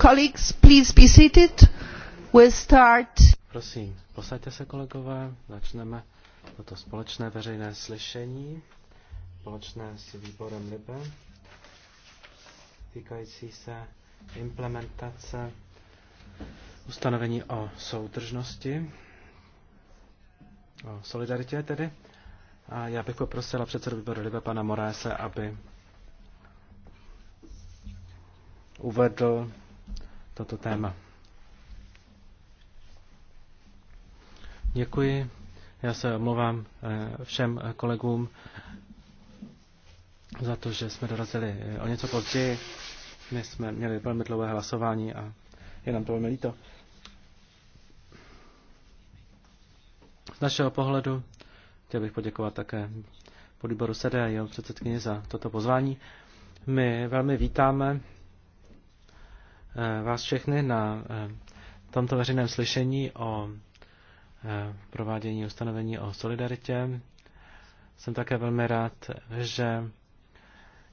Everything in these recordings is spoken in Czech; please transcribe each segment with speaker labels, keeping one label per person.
Speaker 1: Colleagues, please be seated. We'll start.
Speaker 2: Prosím, posaďte se kolegové, začneme toto společné veřejné slyšení, společné s výborem LIBE, týkající se implementace ustanovení o soudržnosti, o solidaritě tedy. A já bych poprosila předsedu výboru Libe pana Moráse, aby uvedl toto téma. Děkuji. Já se omlouvám eh, všem kolegům za to, že jsme dorazili eh, o něco později. My jsme měli velmi dlouhé hlasování a je nám to velmi líto. Z našeho pohledu chtěl bych poděkovat také podvýboru SEDE a jeho předsedkyni za toto pozvání. My velmi vítáme Eh, vás všechny na eh, tomto veřejném slyšení o eh, provádění ustanovení o solidaritě. Jsem také velmi rád, že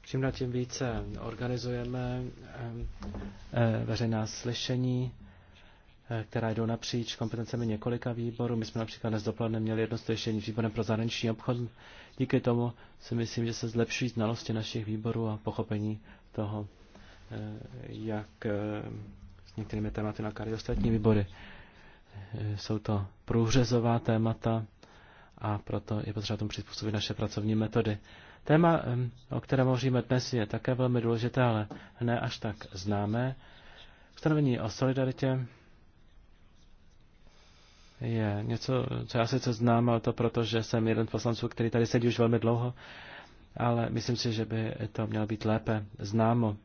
Speaker 2: čím na tím více organizujeme veřejná slyšení, která jdou napříč kompetencemi několika výborů. My jsme například dnes dopoledne měli jedno slyšení výborem pro zahraniční obchod. Díky tomu si myslím, že se zlepší znalosti našich výborů a pochopení toho, Eh, jak eh, s některými tématy na ostatní výbory. Eh, jsou to průřezová témata a proto je potřeba tomu přizpůsobit naše pracovní metody. Téma, o kterém hovoříme dnes, je také velmi důležité, ale ne až tak známé. Ustanovení o solidaritě je něco, co já sice znám, ale to proto, že jsem jeden z poslanců, který tady sedí už velmi dlouho, ale myslím si, že by to mělo být lépe známo.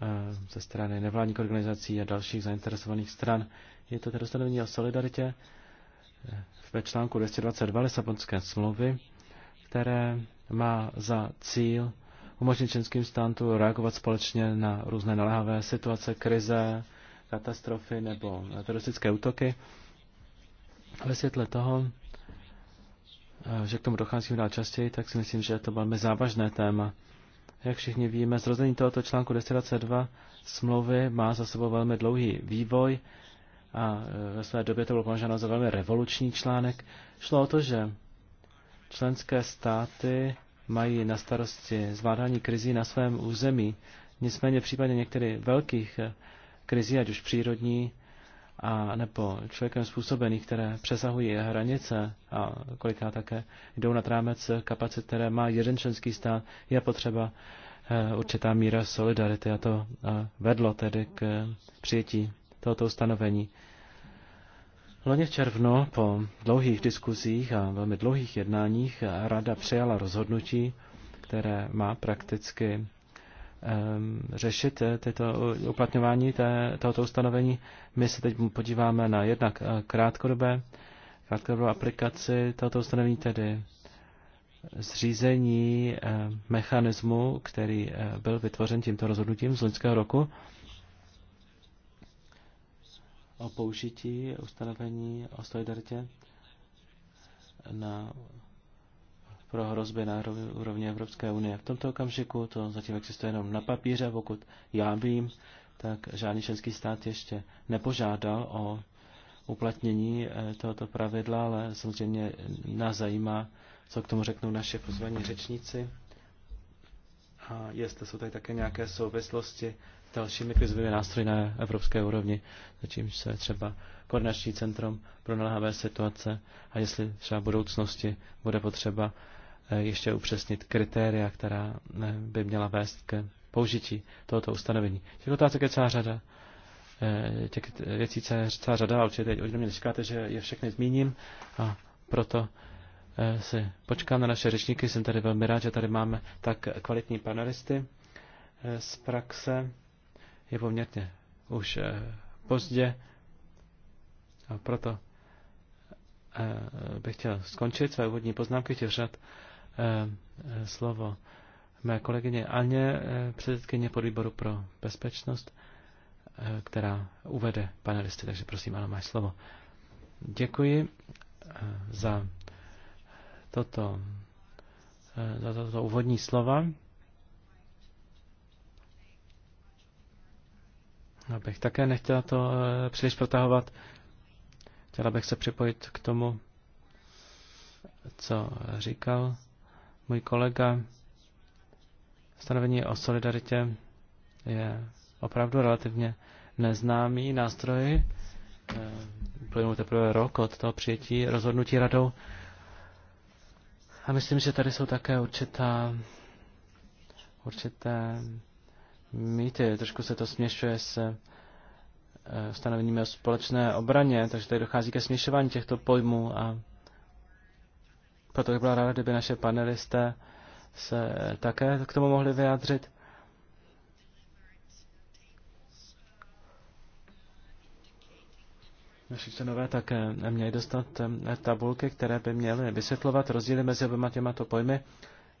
Speaker 2: Eh, ze strany nevládních organizací a dalších zainteresovaných stran. Je to tedy ustanovení o solidaritě eh, ve článku 222 Lisabonské smlouvy, které má za cíl umožnit členským státům reagovat společně na různé naléhavé situace, krize, katastrofy nebo teroristické útoky. Ve světle toho, eh, že k tomu dochází dál častěji, tak si myslím, že to velmi závažné téma. Jak všichni víme, zrození tohoto článku 1022 smlouvy má za sebou velmi dlouhý vývoj a e, ve své době to bylo považováno za velmi revoluční článek. Šlo o to, že členské státy mají na starosti zvládání krizí na svém území. Nicméně v případě některých velkých e, krizí, ať už přírodní a nebo člověkem způsobených, které přesahují hranice a koliká také jdou nad rámec kapacit, které má jeden členský stát, je potřeba eh, určitá míra solidarity a to eh, vedlo tedy k eh, přijetí tohoto ustanovení. Loni v červnu po dlouhých diskuzích a velmi dlouhých jednáních rada přijala rozhodnutí, které má prakticky Ehm, řešit eh, tyto uplatňování té, tohoto ustanovení. My se teď podíváme na jednak eh, krátkodobé, krátkodobou aplikaci tohoto ustanovení, tedy zřízení ehm, mechanismu, který eh, byl vytvořen tímto rozhodnutím z loňského roku o použití ustanovení o solidaritě na pro hrozby na úrovni Evropské unie. V tomto okamžiku to zatím existuje jenom na papíře, pokud já vím, tak žádný členský stát ještě nepožádal o uplatnění eh, tohoto pravidla, ale samozřejmě nás zajímá, co k tomu řeknou naše pozvaní řečníci. A jestli jsou tady také nějaké souvislosti s dalšími krizovými nástroji na evropské úrovni, začím se třeba koordinační centrum pro naléhavé situace a jestli třeba v budoucnosti bude potřeba Eh, ještě upřesnit kritéria, která eh, by měla vést k použití tohoto ustanovení. Těch otázek je celá řada, eh, těch věcí celá řada, určitě teď mě říkáte, že je všechny zmíním a proto si počkám na naše řečníky. Jsem tady velmi rád, že tady máme tak kvalitní panelisty z praxe. Je poměrně už pozdě a proto bych chtěl skončit své úvodní poznámky, chtěl řad Eh, eh, slovo mé kolegyně Aně, eh, předsedkyně podvýboru pro bezpečnost, která uvede panelisty, takže prosím, ano, máš slovo. Děkuji za toto, za toto úvodní slova. Abych také nechtěla to příliš protahovat. Chtěla bych se připojit k tomu, co říkal můj kolega, stanovení o solidaritě je opravdu relativně neznámý nástroj. Eh, Plynul teprve rok od toho přijetí rozhodnutí radou. A myslím, že tady jsou také určitá, určité mýty. Trošku se to směšuje s eh, stanoveními o společné obraně, takže tady dochází ke směšování těchto pojmů a proto bych byla ráda, kdyby naše panelisté se také k tomu mohli vyjádřit. Naši členové také měli dostat eh, tabulky, které by měly vysvětlovat rozdíly mezi oběma těmato pojmy,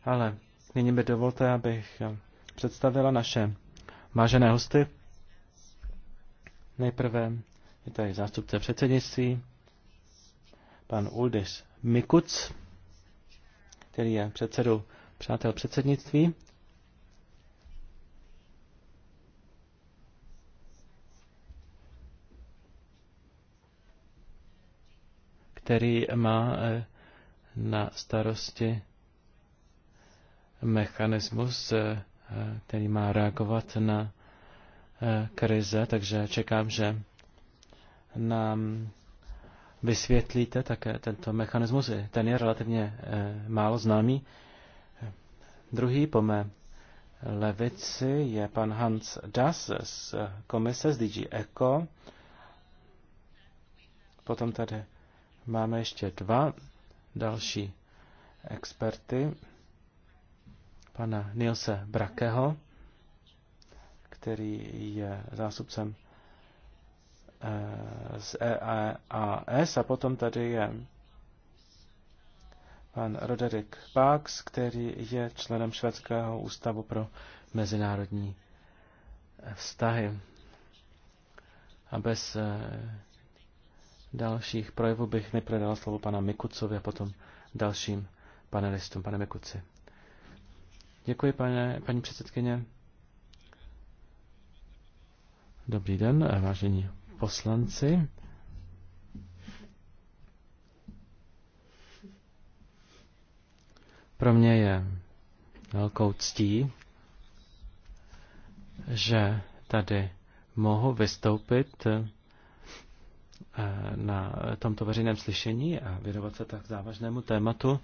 Speaker 2: ale nyní mi dovolte, abych eh, představila naše vážené hosty. Nejprve je tady zástupce předsednictví, pan Uldis Mikuc který je předsedou přátel předsednictví. který má eh, na starosti mechanismus, eh, který má reagovat na eh, krize, takže čekám, že nám vysvětlíte také tento mechanismus. Ten je relativně eh, málo známý. Druhý po mé levici je pan Hans Das z komise z DG Eco. Potom tady máme ještě dva další experty. Pana Nilse Brakeho, který je zásupcem Eh, z EAS a potom tady je pan Roderick Pax, který je členem Švédského ústavu pro mezinárodní vztahy. A bez eh, dalších projevů bych nepředal slovo pana Mikucovi a potom dalším panelistům. Pane Mikuci. Děkuji, pane, paní předsedkyně. Dobrý den, eh, vážení poslanci. Pro mě je velkou ctí, že tady mohu vystoupit eh, na tomto veřejném slyšení a věnovat se tak závažnému tématu.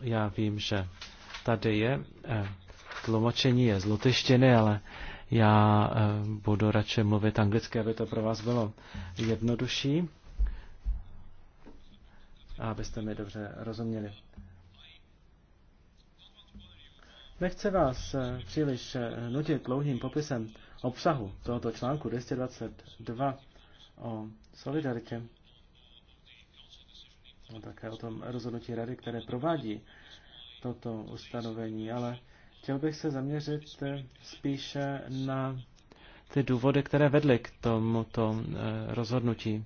Speaker 2: Já vím, že tady je eh, tlumočení je z lotyštiny, ale já eh, budu radši mluvit anglicky, aby to pro vás bylo jednodušší a abyste mi dobře rozuměli. Nechci vás eh, příliš eh, nutit dlouhým popisem obsahu tohoto článku 222 o solidaritě a no, také o tom rozhodnutí rady, které provádí toto ustanovení, ale Chtěl bych se zaměřit eh, spíše na ty důvody, které vedly k tomuto eh, rozhodnutí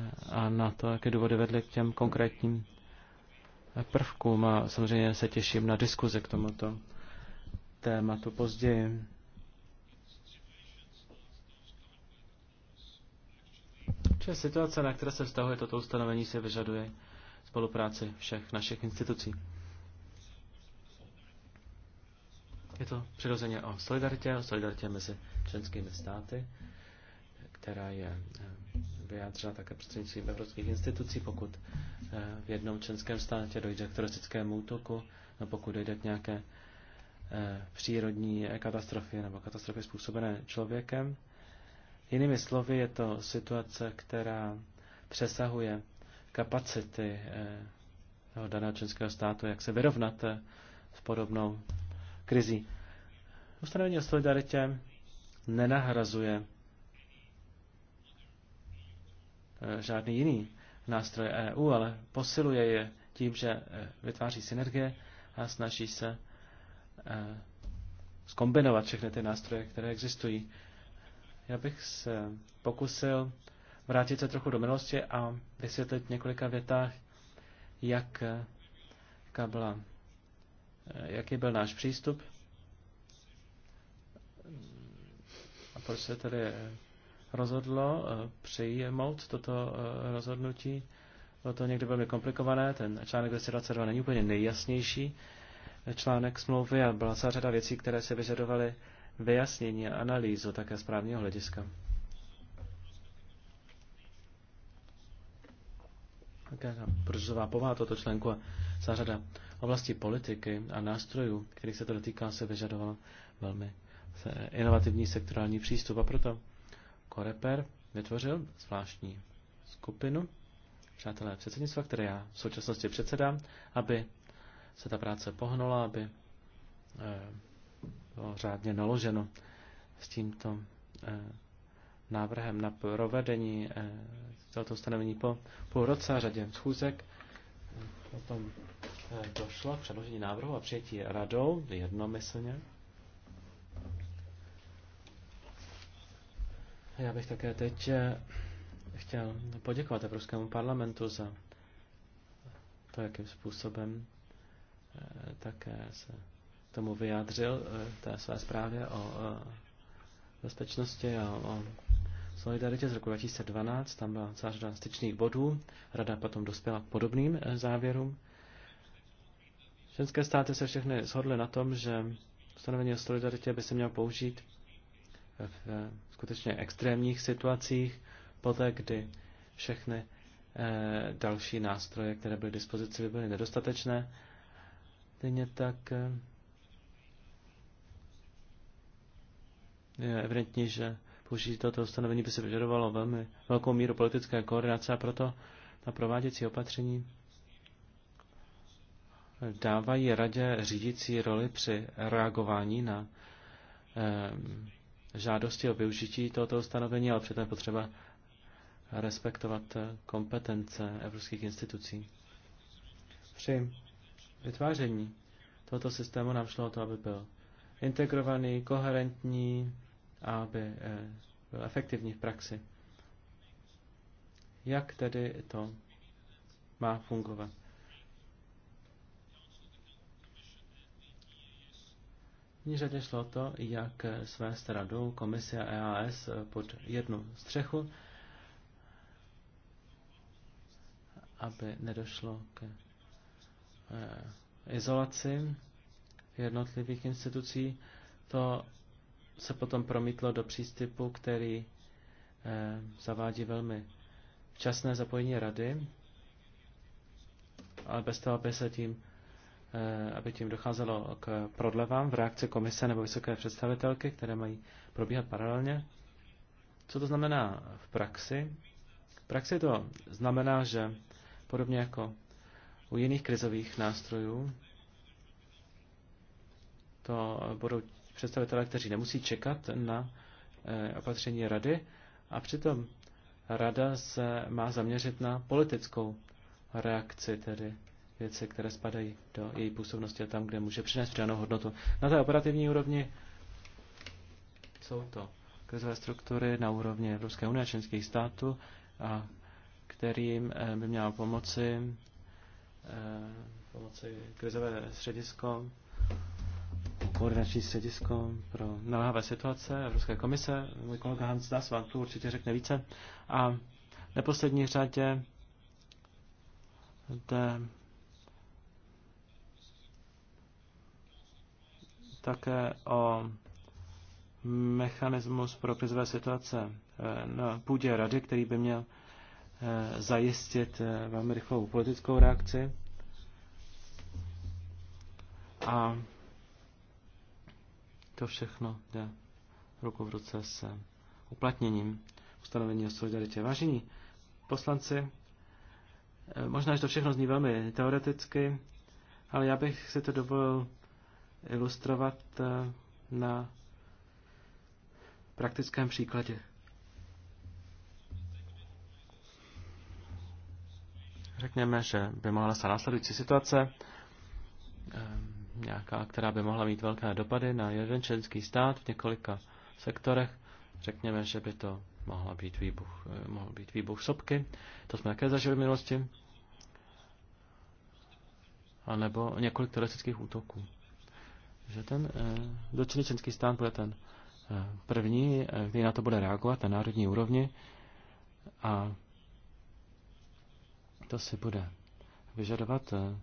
Speaker 2: eh, a na to, jaké důvody vedly k těm konkrétním prvkům. A samozřejmě se těším na diskuzi k tomuto tématu později. Čili situace, na které se vztahuje toto ustanovení, si vyžaduje spolupráci všech našich institucí. Je to přirozeně o solidaritě, o solidaritě mezi členskými státy, která je eh, vyjádřena také prostřednictvím evropských institucí, pokud eh, v jednom členském státě dojde k teroristickému útoku, no pokud dojde k nějaké eh, přírodní katastrofě nebo katastrofě způsobené člověkem. Jinými slovy, je to situace, která přesahuje kapacity daného členského státu, jak se vyrovnat s podobnou krizí. Ustanovení o solidaritě nenahrazuje eh, žádný jiný nástroj EU, ale posiluje je tím, že eh, vytváří synergie a snaží se eh, zkombinovat všechny ty nástroje, které existují. Já bych se pokusil vrátit se trochu do minulosti a vysvětlit několika větách, jak, jaká byla Eh, jaký byl náš přístup a proč se tedy eh, rozhodlo eh, přijmout toto rozhodnutí. Bylo to někdy velmi komplikované, ten článek 222 není úplně nejjasnější článek smlouvy a byla celá řada věcí, které se vyžadovaly vyjasnění a analýzu také z právního hlediska. průřezová povaha toto článku a celá oblasti politiky a nástrojů, kterých se to dotýká, se vyžadovala velmi inovativní sektorální přístup a proto Koreper vytvořil zvláštní skupinu přátelé předsednictva, které já v současnosti předsedám, aby se ta práce pohnula, aby eh, bylo řádně naloženo s tímto eh, návrhem na provedení eh, to ustanovení po půl roce řadě schůzek. Potom eh, došlo k předložení návrhu a přijetí radou jednomyslně. Já bych také teď eh, chtěl poděkovat Evropskému parlamentu za to, jakým způsobem eh, také se tomu vyjádřil té své zprávě o bezpečnosti a o solidaritě z roku 2012, tam byla celá řada styčných bodů, rada potom dospěla k podobným eh, závěrům. Členské státy se všechny shodly na tom, že ustanovení o solidaritě by se mělo použít v eh, skutečně extrémních situacích, poté kdy všechny eh, další nástroje, které byly k dispozici, by byly nedostatečné. Stejně tak je evidentní, že Použití tohoto ustanovení by se vyžadovalo velmi velkou míru politické koordinace a proto na prováděcí opatření dávají radě řídící roli při reagování na eh, žádosti o využití tohoto ustanovení, ale přitom je potřeba respektovat eh, kompetence evropských institucí. Při vytváření tohoto systému nám šlo o to, aby byl integrovaný, koherentní, aby eh, byl efektivní v praxi. Jak tedy to má fungovat? Mně řadě šlo o to, jak eh, své radu komise a EAS eh, pod jednu střechu, aby nedošlo k izolaci jednotlivých institucí. To se potom promítlo do přístupu, který eh, zavádí velmi včasné zapojení rady, ale bez toho, aby se tím eh, aby tím docházelo k prodlevám v reakci komise nebo vysoké představitelky, které mají probíhat paralelně. Co to znamená v praxi? V praxi to znamená, že podobně jako u jiných krizových nástrojů, to budou představitelé, kteří nemusí čekat na eh, opatření rady a přitom rada se má zaměřit na politickou reakci, tedy věci, které spadají do její působnosti a tam, kde může přinést přidanou hodnotu. Na té operativní úrovni jsou to krizové struktury na úrovni Evropské unie a členských států, a kterým eh, by měla pomoci, eh, pomoci krizové středisko koordinační středisko pro naléhavé situace Evropské komise. Můj kolega Hans Das vám tu určitě řekne více. A v neposlední řadě jde také o mechanismus pro krizové situace eh, na půdě rady, který by měl eh, zajistit eh, velmi rychlou politickou reakci. A to všechno jde ruku v ruce s uplatněním ustanovení o solidaritě. Vážení poslanci, eh, možná, že to všechno zní velmi teoreticky, ale já bych si to dovolil ilustrovat eh, na praktickém příkladě. Řekněme, že by mohla se následující situace. Ehm, nějaká, která by mohla mít velké dopady na jeden členský stát v několika sektorech. Řekněme, že by to mohla být výbuch, eh, mohl být výbuch sopky. To jsme také zažili v minulosti. anebo nebo několik teroristických útoků. Že ten eh, dotčený členský stát bude ten eh, první, eh, který na to bude reagovat na národní úrovni. A to si bude vyžadovat eh,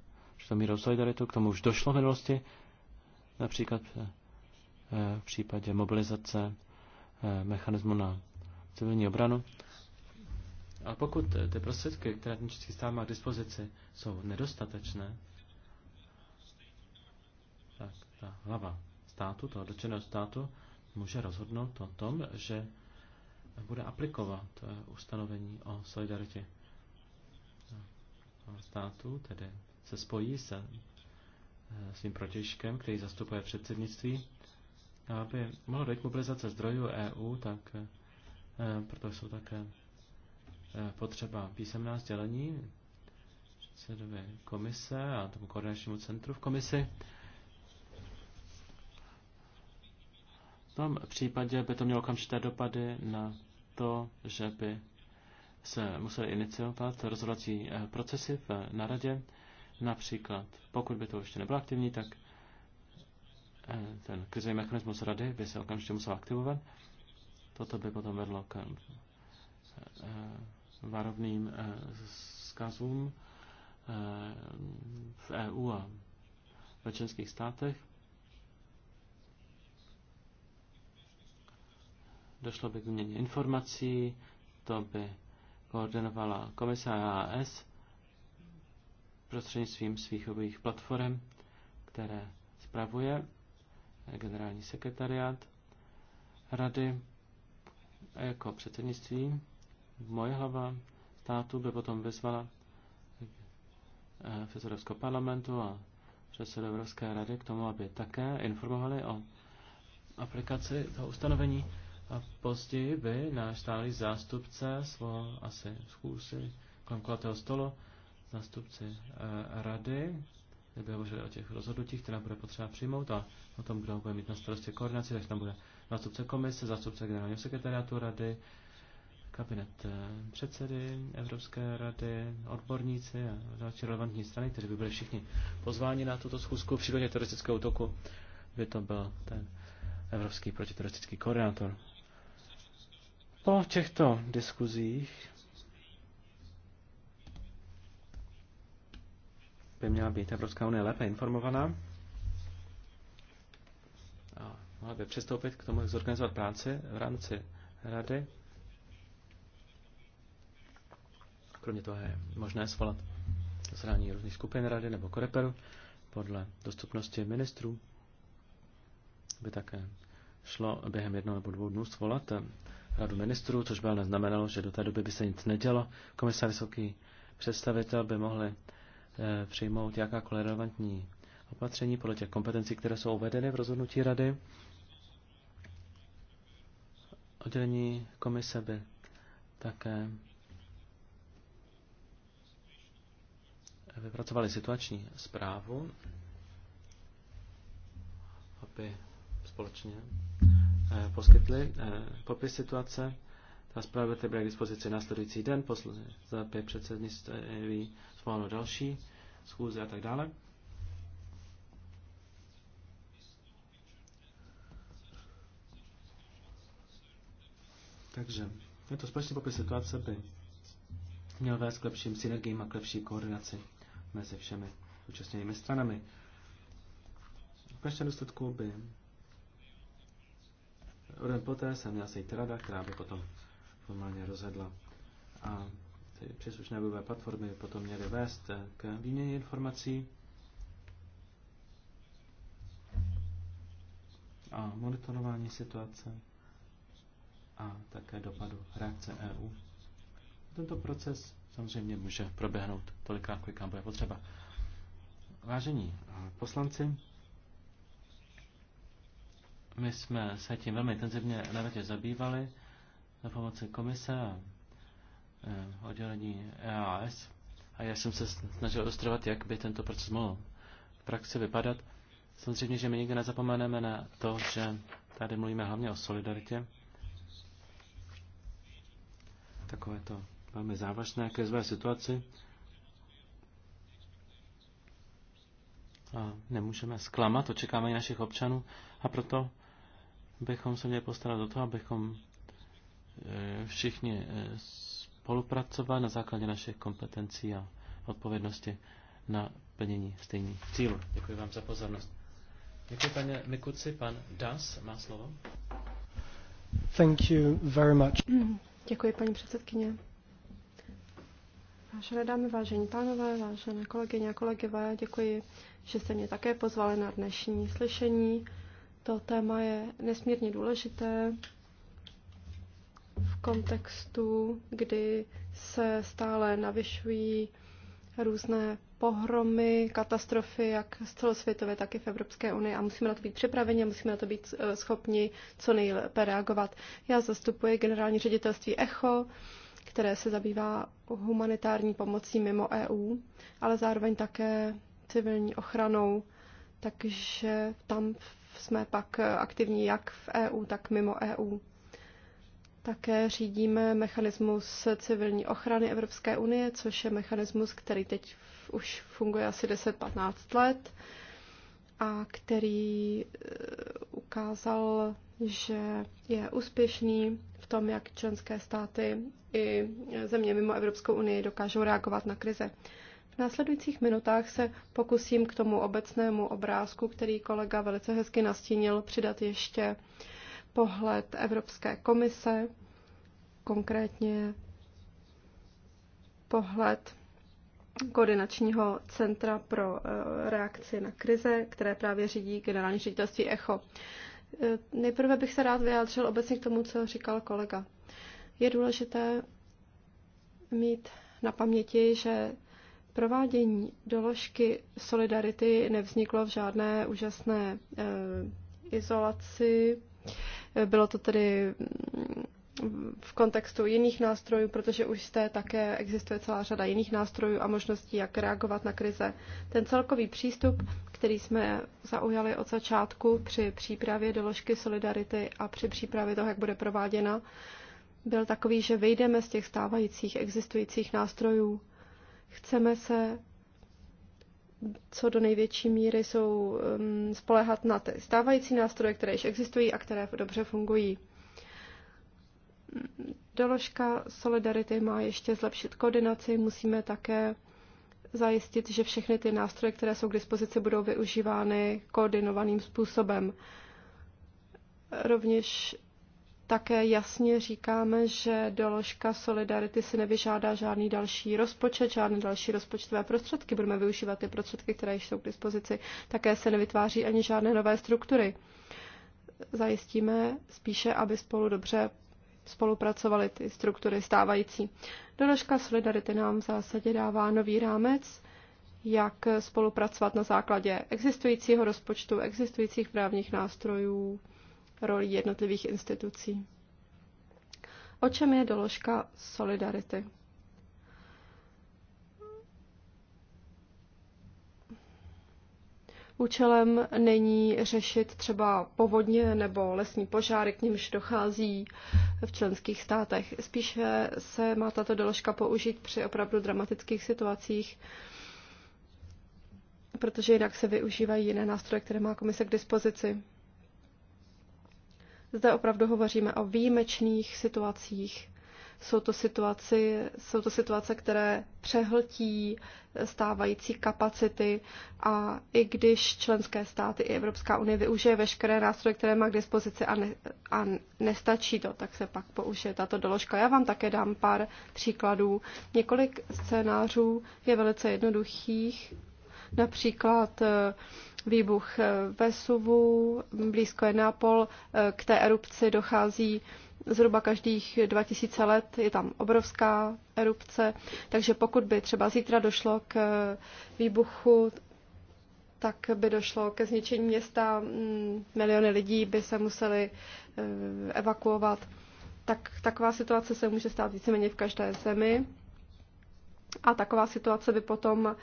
Speaker 2: to mírou solidaritu. K tomu už došlo v minulosti, například eh, v případě mobilizace eh, mechanismu na civilní obranu. A pokud eh, ty prostředky, které ten český stát má k dispozici, jsou nedostatečné, tak ta hlava státu, toho dotčeného státu, může rozhodnout o tom, že bude aplikovat ustanovení o solidaritě státu, tedy se spojí se eh, svým protěžkem, který zastupuje předsednictví, a aby mohlo dojít mobilizace zdrojů EU, tak eh, proto jsou také eh, potřeba písemná sdělení předsedovi komise a tomu koordinačnímu centru v komisi. V tom případě by to mělo okamžité dopady na to, že by se museli iniciovat rozhodovací procesy v naradě. Například, pokud by to ještě nebylo aktivní, tak eh, ten krizový mechanismus rady by se okamžitě musel aktivovat. Toto by potom vedlo k eh, eh, varovným zkazům v EU a ve členských státech. Došlo by k měně informací, to by koordinovala komise AAS prostřednictvím svých obých platform, které spravuje generální sekretariát rady a jako předsednictví moje hlava státu by potom vyzvala eh, předsedu Evropského parlamentu a předsedu Evropské rady k tomu, aby také informovali o aplikaci toho ustanovení a později by náš stálý zástupce svou asi schůzi kolem kulatého stolu zástupci eh, rady, kde by hovořili o těch rozhodnutích, která bude potřeba přijmout a o tom, kdo bude mít na starosti koordinaci, takže tam bude zástupce komise, zástupce generálního sekretariátu rady, kabinet eh, předsedy Evropské rady, odborníci a další relevantní strany, kteří by byli všichni pozváni na tuto schůzku v případě teroristického útoku, by to byl ten evropský protiteroristický koordinátor. Po těchto diskuzích by měla být Evropská unie lépe informovaná a mohla by přistoupit k tomu, jak zorganizovat práci v rámci rady. Kromě toho je možné svolat zasedání různých skupin rady nebo koreperu podle dostupnosti ministrů. By také šlo během jednoho nebo dvou dnů svolat radu ministrů, což by ale neznamenalo, že do té doby by se nic nedělo. Komisar Vysoký představitel by mohli Eh, přijmout jakákoliv relevantní opatření podle těch kompetencí, které jsou uvedeny v rozhodnutí rady. Oddělení komise by také vypracovali situační zprávu, aby společně eh, poskytli eh, popis situace a zpráva tedy k dispozici následující den, za pět předsednictví zvoleno další schůze a tak dále. Takže je to společný popis situace by měl vést k lepším synergiím a k lepší koordinaci mezi všemi účastněnými stranami. V každém důsledku by den poté se měla sejít rada, která by potom normálně rozhodla. A ty příslušné webové platformy potom měly vést k výměně informací a monitorování situace a také dopadu reakce EU. Tento proces samozřejmě může proběhnout tolikrát, kolikrát bude potřeba. Vážení poslanci, my jsme se tím velmi intenzivně na radě zabývali za pomoci komise a e, oddělení EAS. A já jsem se snažil ilustrovat, jak by tento proces mohl v praxi vypadat. Samozřejmě, že my nikdy nezapomeneme na to, že tady mluvíme hlavně o solidaritě. Takové to velmi závažné krizové situaci. A nemůžeme zklamat očekávání našich občanů a proto bychom se měli postarat o to, abychom Eh, všichni eh, spolupracovat na základě našich kompetencí a odpovědnosti na plnění stejných cílů. Děkuji vám za pozornost. Děkuji, paní Mikuci. Pan Das má slovo.
Speaker 3: Thank you very much.
Speaker 1: Děkuji, paní předsedkyně. Vážené dámy, vážení pánové, vážené kolegyně a kolegové, děkuji, že jste mě také pozvali na dnešní slyšení. To téma je nesmírně důležité kontextu, kdy se stále navyšují různé pohromy, katastrofy, jak z celosvětové, tak i v Evropské unii a musíme na to být připraveni, musíme na to být eh, schopni co nejlépe reagovat. Já zastupuji generální ředitelství ECHO, které se zabývá humanitární pomocí mimo EU, ale zároveň také civilní ochranou, takže tam jsme pak aktivní jak v EU, tak mimo EU. Také řídíme mechanismus civilní ochrany Evropské unie, což je mechanismus, který teď už funguje asi 10-15 let a který eh, ukázal, že je úspěšný v tom, jak členské státy i země mimo Evropskou unii dokážou reagovat na krize. V následujících minutách se pokusím k tomu obecnému obrázku, který kolega velice hezky nastínil, přidat ještě uh, pohled Evropské komise, konkrétně pohled koordinačního centra pro eh, reakci na krize, které právě řídí generální ředitelství ECHO. Eh, nejprve bych se rád vyjádřil obecně k tomu, co říkal kolega. Je důležité mít na paměti, že provádění doložky solidarity nevzniklo v žádné úžasné eh, izolaci. Bylo to tedy mm, v kontextu jiných nástrojů, protože už jste také existuje celá řada jiných nástrojů a možností, jak reagovat na krize. Ten celkový přístup, který jsme zaujali od začátku při přípravě doložky solidarity a při přípravě toho, jak bude prováděna, byl takový, že vyjdeme z těch stávajících existujících nástrojů. Chceme se co do největší míry jsou um, spolehat na ty stávající nástroje, které již existují a které dobře fungují. Doložka Solidarity má ještě zlepšit koordinaci, musíme také zajistit, že všechny ty nástroje, které jsou k dispozici, budou využívány koordinovaným způsobem. Rovněž také jasně říkáme, že doložka Solidarity si nevyžádá žádný další rozpočet, žádné další rozpočtové prostředky. Budeme využívat ty prostředky, které již jsou k dispozici. Také se nevytváří ani žádné nové struktury. Zajistíme spíše, aby spolu dobře spolupracovaly ty struktury stávající. Doložka Solidarity nám v zásadě dává nový rámec, jak spolupracovat na základě existujícího rozpočtu, existujících právních nástrojů, roli jednotlivých institucí. O čem je doložka solidarity? Účelem není řešit třeba povodně nebo lesní požáry, k nimž dochází v členských státech. Spíše se má tato doložka použít při opravdu dramatických situacích, protože jinak se využívají jiné nástroje, které má komise k dispozici. Zde opravdu hovoříme o výjimečných situacích. Jsou to, situaci, jsou to situace, které přehltí stávající kapacity a i když členské státy i Evropská unie využije veškeré nástroje, které má k dispozici a, ne, a nestačí to, tak se pak použije tato doložka. Já vám také dám pár příkladů. Několik scénářů je velice jednoduchých například eh, výbuch eh, Vesuvu, blízko je Nápol, eh, k té erupci dochází zhruba každých 2000 let, je tam obrovská erupce, takže pokud by třeba zítra došlo k výbuchu, tak by došlo ke zničení města, mm, miliony lidí by se museli evakuovat. Tak taková situace se může stát víceméně v každé zemi a taková situace by potom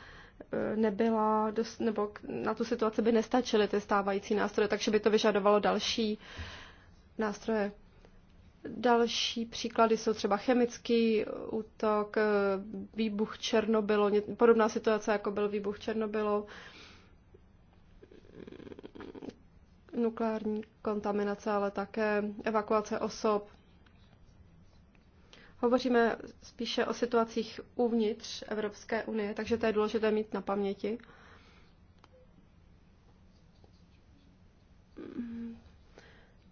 Speaker 1: E, nebyla, dost, nebo na tu situaci by nestačily ty stávající nástroje, takže by to vyžadovalo další nástroje. Další příklady jsou třeba chemický útok, e, výbuch Černobylo, podobná situace, jako byl výbuch Černobylo, nukleární kontaminace, ale také evakuace osob, Hovoříme spíše o situacích uvnitř Evropské unie, takže to je důležité mít na paměti.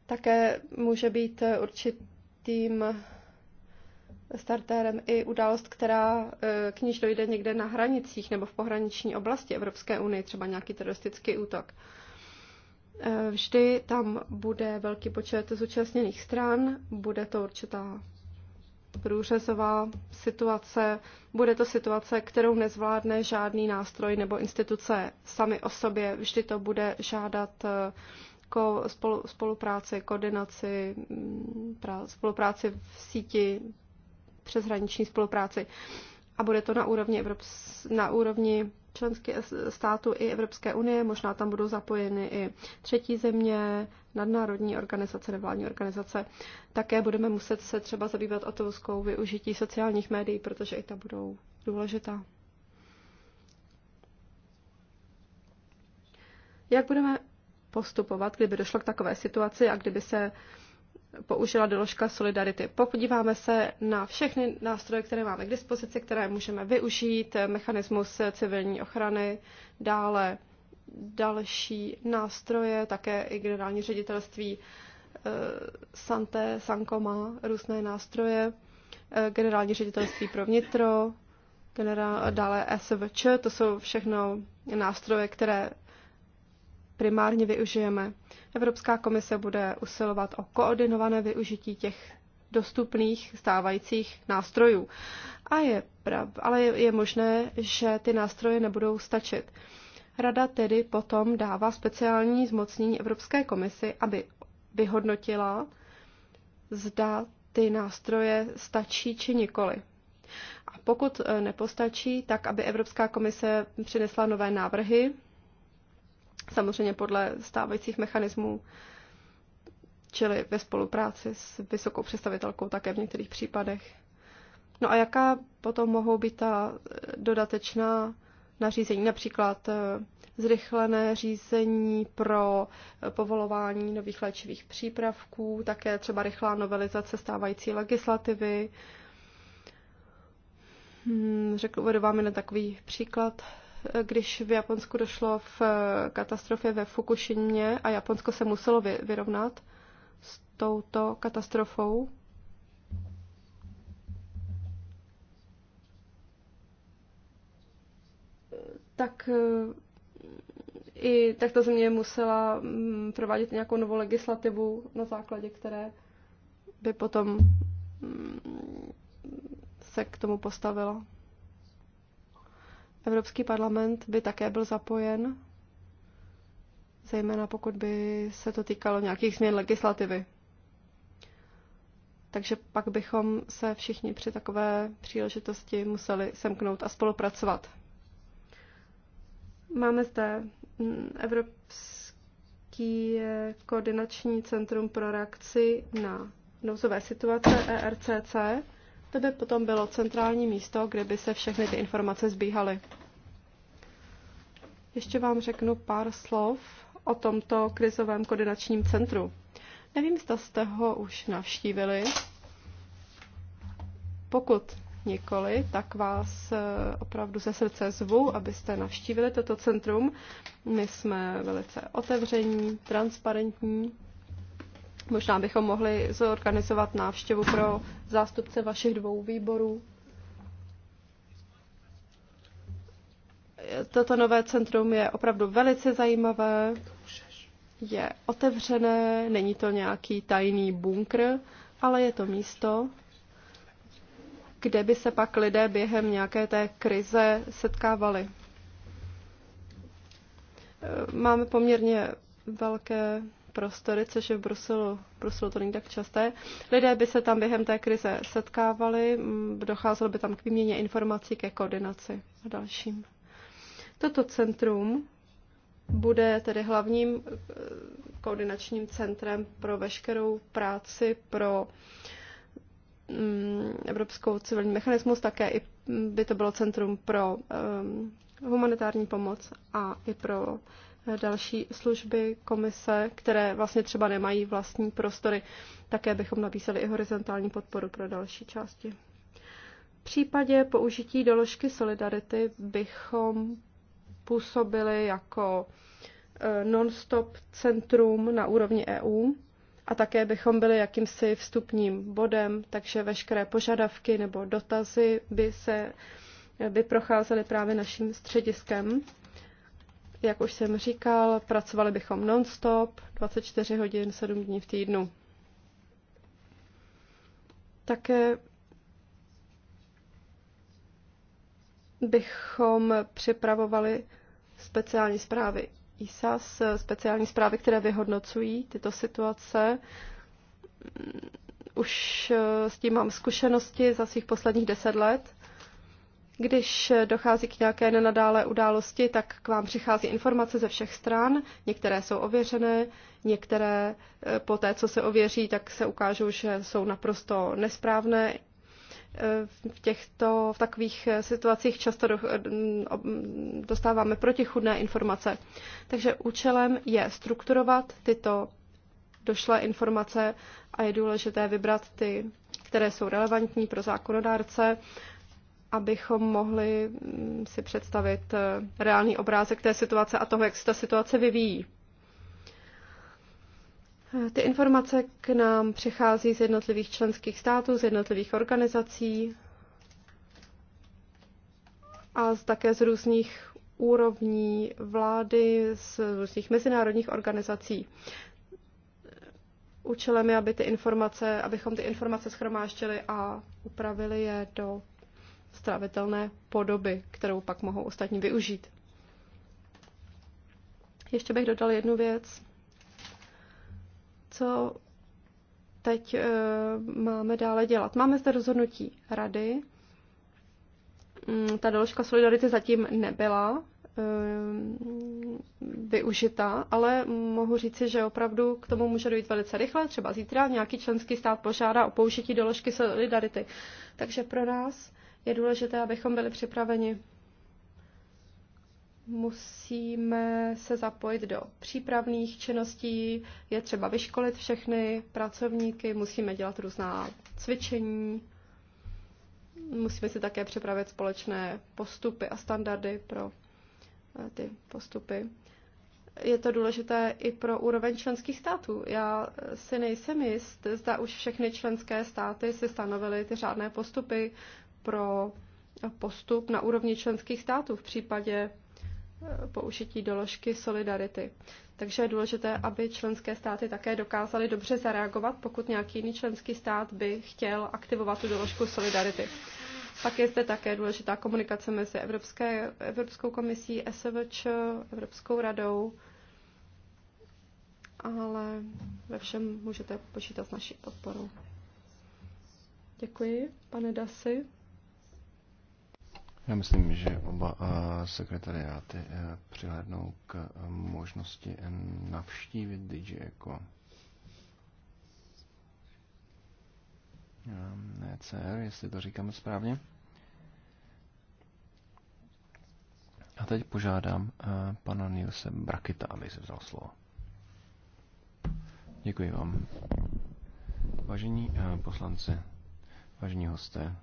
Speaker 1: Také může být určitým startérem i událost, která e, k níž dojde někde na hranicích nebo v pohraniční oblasti Evropské unie, třeba nějaký teroristický útok. E, vždy tam bude velký počet zúčastněných stran, bude to určitá průřezová situace. Bude to situace, kterou nezvládne žádný nástroj nebo instituce sami o sobě. Vždy to bude žádat eh, ko, spolu, spolupráci, koordinaci, mm, pra, spolupráci v síti, přeshraniční spolupráci. A bude to na úrovni, Evrop- na úrovni členské státu i Evropské unie, možná tam budou zapojeny i třetí země, nadnárodní organizace, nevládní organizace. Také budeme muset se třeba zabývat otázkou využití sociálních médií, protože i ta budou důležitá. Jak budeme postupovat, kdyby došlo k takové situaci a kdyby se použila doložka solidarity. Podíváme se na všechny nástroje, které máme k dispozici, které můžeme využít, mechanismus civilní ochrany, dále další nástroje, také i generální ředitelství eh, Santé, Sankoma, různé nástroje, eh, generální ředitelství pro vnitro, generál, dále SVČ, to jsou všechno nástroje, které primárně využijeme. Evropská komise bude usilovat o koordinované využití těch dostupných stávajících nástrojů. A je prav, ale je, je možné, že ty nástroje nebudou stačit. Rada tedy potom dává speciální zmocnění Evropské komisi, aby vyhodnotila, zda ty nástroje stačí či nikoli. A pokud e, nepostačí, tak aby Evropská komise přinesla nové návrhy samozřejmě podle stávajících mechanismů, čili ve spolupráci s vysokou představitelkou také v některých případech. No a jaká potom mohou být ta eh, dodatečná nařízení, například eh, zrychlené řízení pro eh, povolování nových léčivých přípravků, také třeba rychlá novelizace stávající legislativy. Hmm, řekl, uvedu vám jen takový příklad když v Japonsku došlo v eh, katastrofě ve Fukushimě a Japonsko se muselo vyrovnat s touto katastrofou. Tak eh, i tak země musela mm, provádět nějakou novou legislativu, na základě které by potom mm, se k tomu postavila. Evropský parlament by také byl zapojen, zejména pokud by se to týkalo nějakých změn legislativy. Takže pak bychom se všichni při takové příležitosti museli semknout a spolupracovat. Máme zde mm, Evropský eh, koordinační centrum pro reakci na nouzové situace ERCC. To by potom bylo centrální místo, kde by se všechny ty informace zbíhaly. Ještě vám řeknu pár slov o tomto krizovém koordinačním centru. Nevím, zda jste ho už navštívili. Pokud nikoli, tak vás eh, opravdu ze srdce zvu, abyste navštívili toto centrum. My jsme velice otevření, transparentní Možná bychom mohli zorganizovat návštěvu pro zástupce vašich dvou výborů. Toto nové centrum je opravdu velice zajímavé, je otevřené, není to nějaký tajný bunkr, ale je to místo, kde by se pak lidé během nějaké té krize setkávali. Máme poměrně velké prostory, což je v Bruselu. V Bruselu to není tak časté. Lidé by se tam během té krize setkávali, mm, docházelo by tam k výměně informací, ke koordinaci a dalším. Toto centrum bude tedy hlavním eh, koordinačním centrem pro veškerou práci pro mm, Evropskou civilní mechanismus, také i mm, by to bylo centrum pro ehm, humanitární pomoc a i pro další služby komise, které vlastně třeba nemají vlastní prostory. Také bychom napísali i horizontální podporu pro další části. V případě použití doložky solidarity bychom působili jako eh, non-stop centrum na úrovni EU a také bychom byli jakýmsi vstupním bodem, takže veškeré požadavky nebo dotazy by se eh, by procházely právě naším střediskem jak už jsem říkal, pracovali bychom non-stop, 24 hodin, 7 dní v týdnu. Také bychom připravovali speciální zprávy ISAS, speciální zprávy, které vyhodnocují tyto situace. Už s tím mám zkušenosti za svých posledních deset let. Když dochází k nějaké nenadále události, tak k vám přichází informace ze všech stran. Některé jsou ověřené, některé eh, po té, co se ověří, tak se ukážou, že jsou naprosto nesprávné. Eh, v těchto, v takových eh, situacích často dostáváme protichudné informace. Takže účelem je strukturovat tyto došlé informace a je důležité vybrat ty, které jsou relevantní pro zákonodárce abychom mohli mm, si představit eh, reálný obrázek té situace a toho, jak se ta situace vyvíjí. Eh, ty informace k nám přichází z jednotlivých členských států, z jednotlivých organizací a z také z různých úrovní vlády, z různých mezinárodních organizací. Účelem je, aby ty informace, abychom ty informace schromáštili a upravili je do stravitelné podoby, kterou pak mohou ostatní využít. Ještě bych dodal jednu věc. Co teď e, máme dále dělat? Máme zde rozhodnutí rady. Mm, ta doložka solidarity zatím nebyla eh, využita, ale mohu říci, že opravdu k tomu může dojít velice rychle. Třeba zítra nějaký členský stát požádá o použití doložky solidarity. Takže pro nás je důležité, abychom byli připraveni. Musíme se zapojit do přípravných činností, je třeba vyškolit všechny pracovníky, musíme dělat různá cvičení, musíme si také připravit společné postupy a standardy pro eh, ty postupy. Je to důležité i pro úroveň členských států. Já eh, si nejsem jist, zda už všechny členské státy si stanovily ty řádné postupy pro postup na úrovni členských států v případě eh, použití doložky solidarity. Takže je důležité, aby členské státy také dokázaly dobře zareagovat, pokud nějaký jiný členský stát by chtěl aktivovat tu doložku solidarity. Pak je zde také důležitá komunikace mezi Evropské, Evropskou komisí, SVČ, Evropskou radou, ale ve všem můžete počítat s naší podporou. Děkuji, pane Dasy.
Speaker 3: Já myslím, že oba eh, sekretariáty eh, přihlednou k eh, možnosti navštívit DJ jako ECR, jestli to říkáme správně. A teď požádám pana Nilse Brakita, aby se vzal slovo. Děkuji vám. Vážení poslanci, vážení hosté,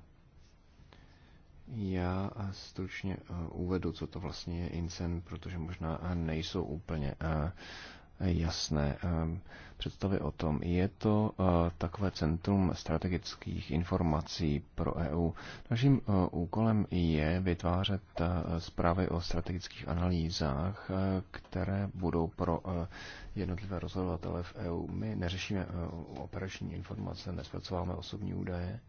Speaker 3: já stručně eh, uvedu, co to vlastně je incen, protože možná eh, nejsou úplně eh, jasné představy o tom. Je to takové centrum strategických informací pro EU. Naším úkolem je vytvářet zprávy o strategických analýzách, které budou pro jednotlivé rozhodovatele v EU. My neřešíme operační informace, nespracováváme osobní údaje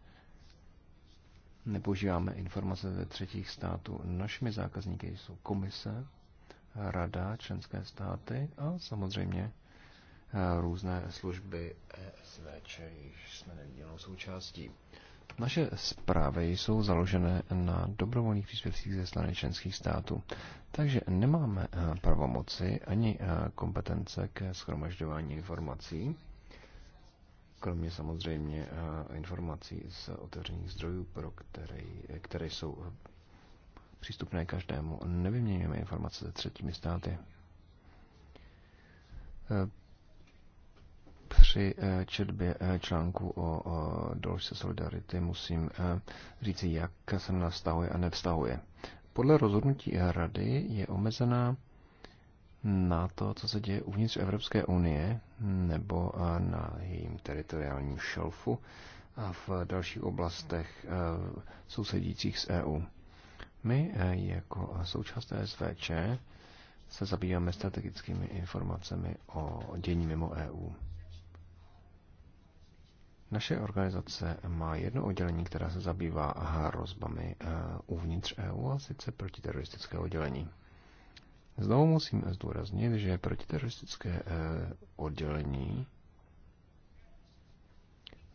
Speaker 3: nepožíváme informace ze třetích států. Našimi zákazníky jsou komise, rada, členské státy a samozřejmě eh, různé služby ESVČ, již jsme nedělnou součástí. Naše zprávy jsou založené na dobrovolných příspěvcích ze strany členských států, takže nemáme eh, pravomoci ani eh, kompetence ke schromažďování informací kromě samozřejmě eh, informací z otevřených zdrojů, pro které, které jsou eh, přístupné každému. Nevyměňujeme informace se třetími státy. Eh, při četbě článku o Dolce solidarity musím říci, jak se na vztahuje a nevztahuje. Podle rozhodnutí Rady je omezená na to, co se děje uvnitř Evropské unie nebo eh, na jejím teritoriálním šelfu a v dalších oblastech eh, sousedících s EU. My eh, jako součást SVČ se zabýváme strategickými informacemi o dění mimo EU. Naše organizace má jedno oddělení, která se zabývá hrozbami uvnitř EU, a sice protiteroristické oddělení. Znovu musím zdůraznit, že protiteroristické eh, oddělení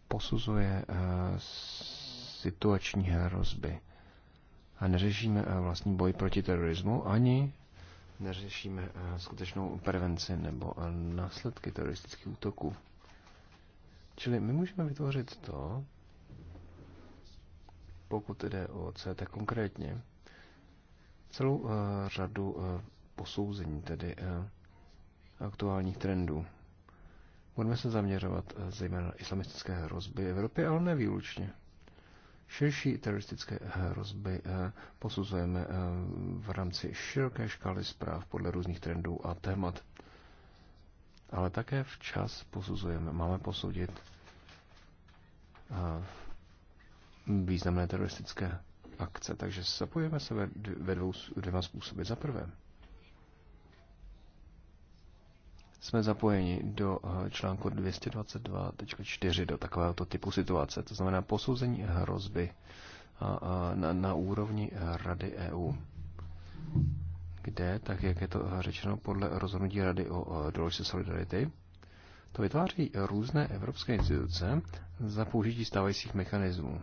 Speaker 3: posuzuje eh, situační hrozby a neřešíme eh, vlastní boj proti terorismu ani neřešíme skutečnou prevenci nebo následky teroristických útoků. Čili my můžeme vytvořit to, pokud jde o CT konkrétně, celou řadu posouzení tedy eh, aktuálních trendů. Budeme se zaměřovat eh, zejména na islamistické hrozby v Evropě, ale nevýlučně. Širší teroristické hrozby eh, posuzujeme v rámci široké škály zpráv podle různých trendů a témat. Ale také včas posuzujeme, máme posoudit významné teroristické akce. Takže zapojíme se ve dvou, dvěma způsoby. Za prvé, jsme zapojeni do eh, článku 222.4 do takovéhoto typu situace, to znamená posouzení hrozby na, na úrovni eh, Rady EU, kde, tak jak je to eh, řečeno podle rozhodnutí Rady o doložce solidarity, to vytváří různé evropské instituce za použití stávajících mechanismů.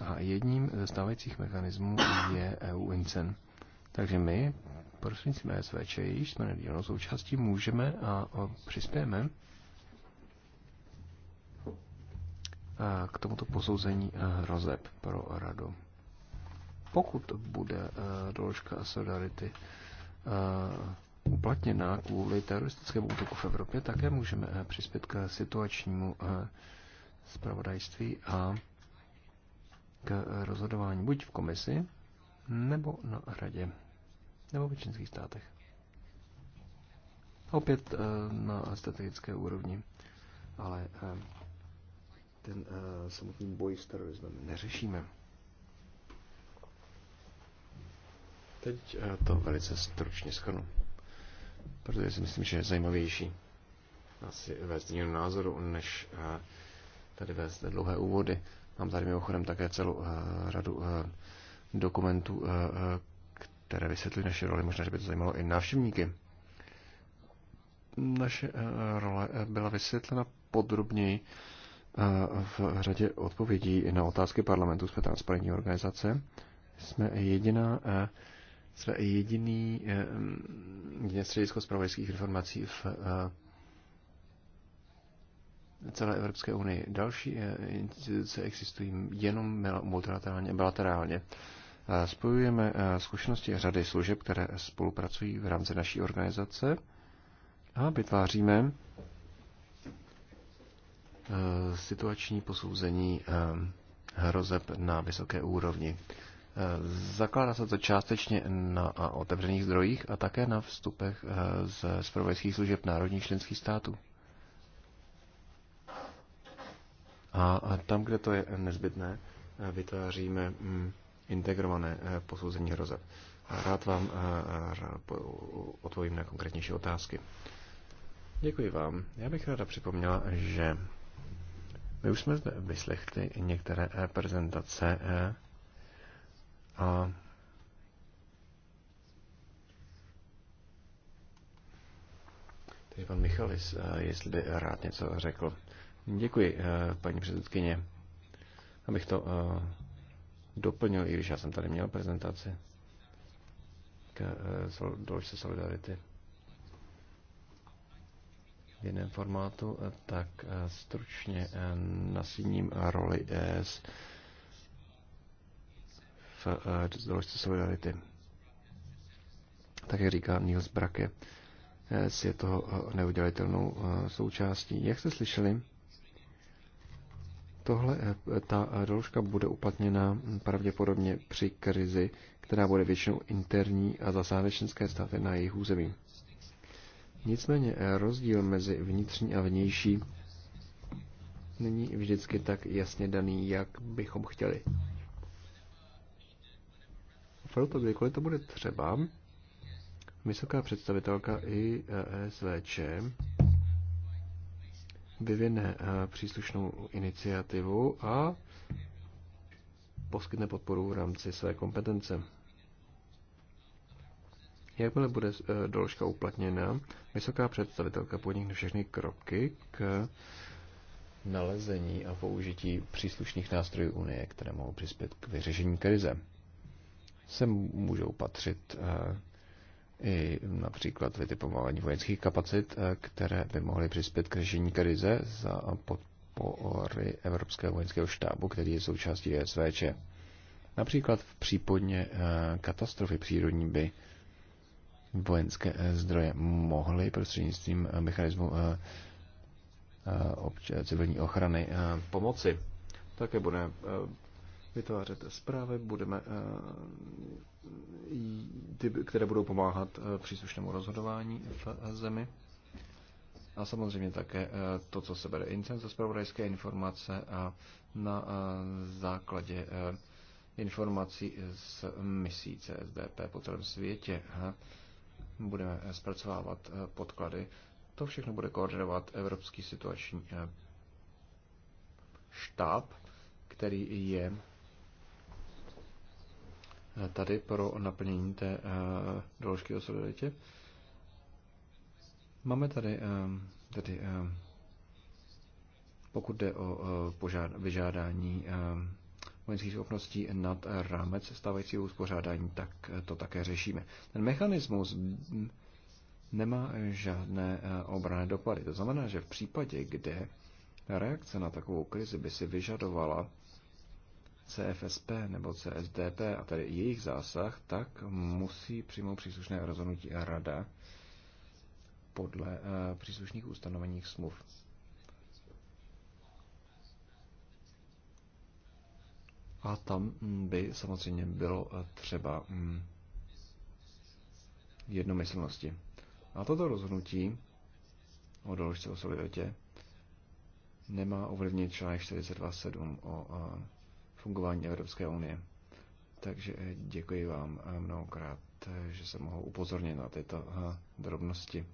Speaker 3: A jedním ze stávajících mechanismů je EU INCEN. Takže my prostřednictvím SVČ, již jsme nedělnou součástí, můžeme a přispějeme k tomuto posouzení hrozeb pro radu. Pokud bude doložka solidarity uplatněná kvůli teroristickému útoku v Evropě, také můžeme přispět k situačnímu zpravodajství a k rozhodování buď v komisi, nebo na radě nebo ve čínských státech. Opět eh, na strategické úrovni, ale eh, ten eh, samotný boj s terorismem neřešíme. Teď to velice stručně schrnu, protože si myslím, že je zajímavější asi vést jinou názoru, než tady vést dlouhé úvody. Mám tady mimochodem také celou uh, radu uh, dokumentů, uh, které vysvětlí naše roli. Možná, že by to zajímalo i návštěvníky. Naše eh, role eh, byla vysvětlena podrobněji eh, v řadě odpovědí na otázky parlamentu. Jsme transparentní organizace. Jsme jediná jsme jediný, jediné středisko zpravodajských informací v celé Evropské unii. Další instituce existují jenom multilaterálně a bilaterálně. Spojujeme zkušenosti řady služeb, které spolupracují v rámci naší organizace a vytváříme situační posouzení hrozeb na vysoké úrovni. Zakládá se to částečně na otevřených zdrojích a také na vstupech z zpravodajských služeb národních členských států. A tam, kde to je nezbytné, vytváříme mm, integrované eh, posouzení hrozeb. Rád vám eh, eh, odpovím na konkrétnější otázky. Děkuji vám. Já bych ráda připomněla, že my už jsme zde vyslechli některé prezentace a Tady pan Michalis, jestli by rád něco řekl. Děkuji, paní předsedkyně. Abych to doplnil, i když já jsem tady měl prezentaci k eh, doložce Solidarity v jiném formátu, eh, tak eh, stručně nasíním roli s v doložce Solidarity. Tak jak říká Niels Brake, si je toho neudělitelnou součástí. Jak jste slyšeli, Tohle, eh, ta doložka bude uplatněna pravděpodobně při krizi, která bude většinou interní a zasáhne členské státy na jejich území. Nicméně eh, rozdíl mezi vnitřní a vnější není vždycky tak jasně daný, jak bychom chtěli. Proto kdykoliv to bude třeba, vysoká představitelka i eh, vyvine eh, příslušnou iniciativu a poskytne podporu v rámci své kompetence. Jakmile bude eh, doložka uplatněna, vysoká představitelka podnikne všechny kroky k nalezení a použití příslušných nástrojů Unie, které mohou přispět k vyřešení krize. Sem můžou patřit eh, i například vytipování vojenských kapacit, eh, které by mohly přispět k řešení krize za podpory Evropského vojenského štábu, který je součástí SVČ. Například v případě eh, katastrofy přírodní by vojenské eh, zdroje mohly prostřednictvím mechanismu civilní ochrany pomoci. Také budeme vytvářet zprávy, budeme ty, které budou pomáhat eh, příslušnému rozhodování v eh, zemi. A samozřejmě také eh, to, co se bere incen ze spravodajské informace a na základě informací z misí CSDP po celém světě budeme zpracovávat podklady. To všechno bude koordinovat Evropský situační štáb, který je tady pro naplnění té eh, doložky o solidaritě. Máme tady, eh, tady eh, pokud jde o požád, vyžádání vojenských schopností nad rámec stávajícího uspořádání, tak to také řešíme. Ten mechanismus nemá žádné obrané dopady. To znamená, že v případě, kde reakce na takovou krizi by si vyžadovala CFSP nebo CSDP, a tedy jejich zásah, tak musí přijmout příslušné rozhodnutí a rada podle eh, příslušných ustanoveních smluv. A tam by samozřejmě bylo eh, třeba mm, jednomyslnosti. A toto rozhodnutí o doložce o solidaritě nemá ovlivnit článek 42.7 o eh, fungování Evropské unie. Takže eh, děkuji vám eh, mnohokrát, eh, že se mohou upozornit na tyto drobnosti.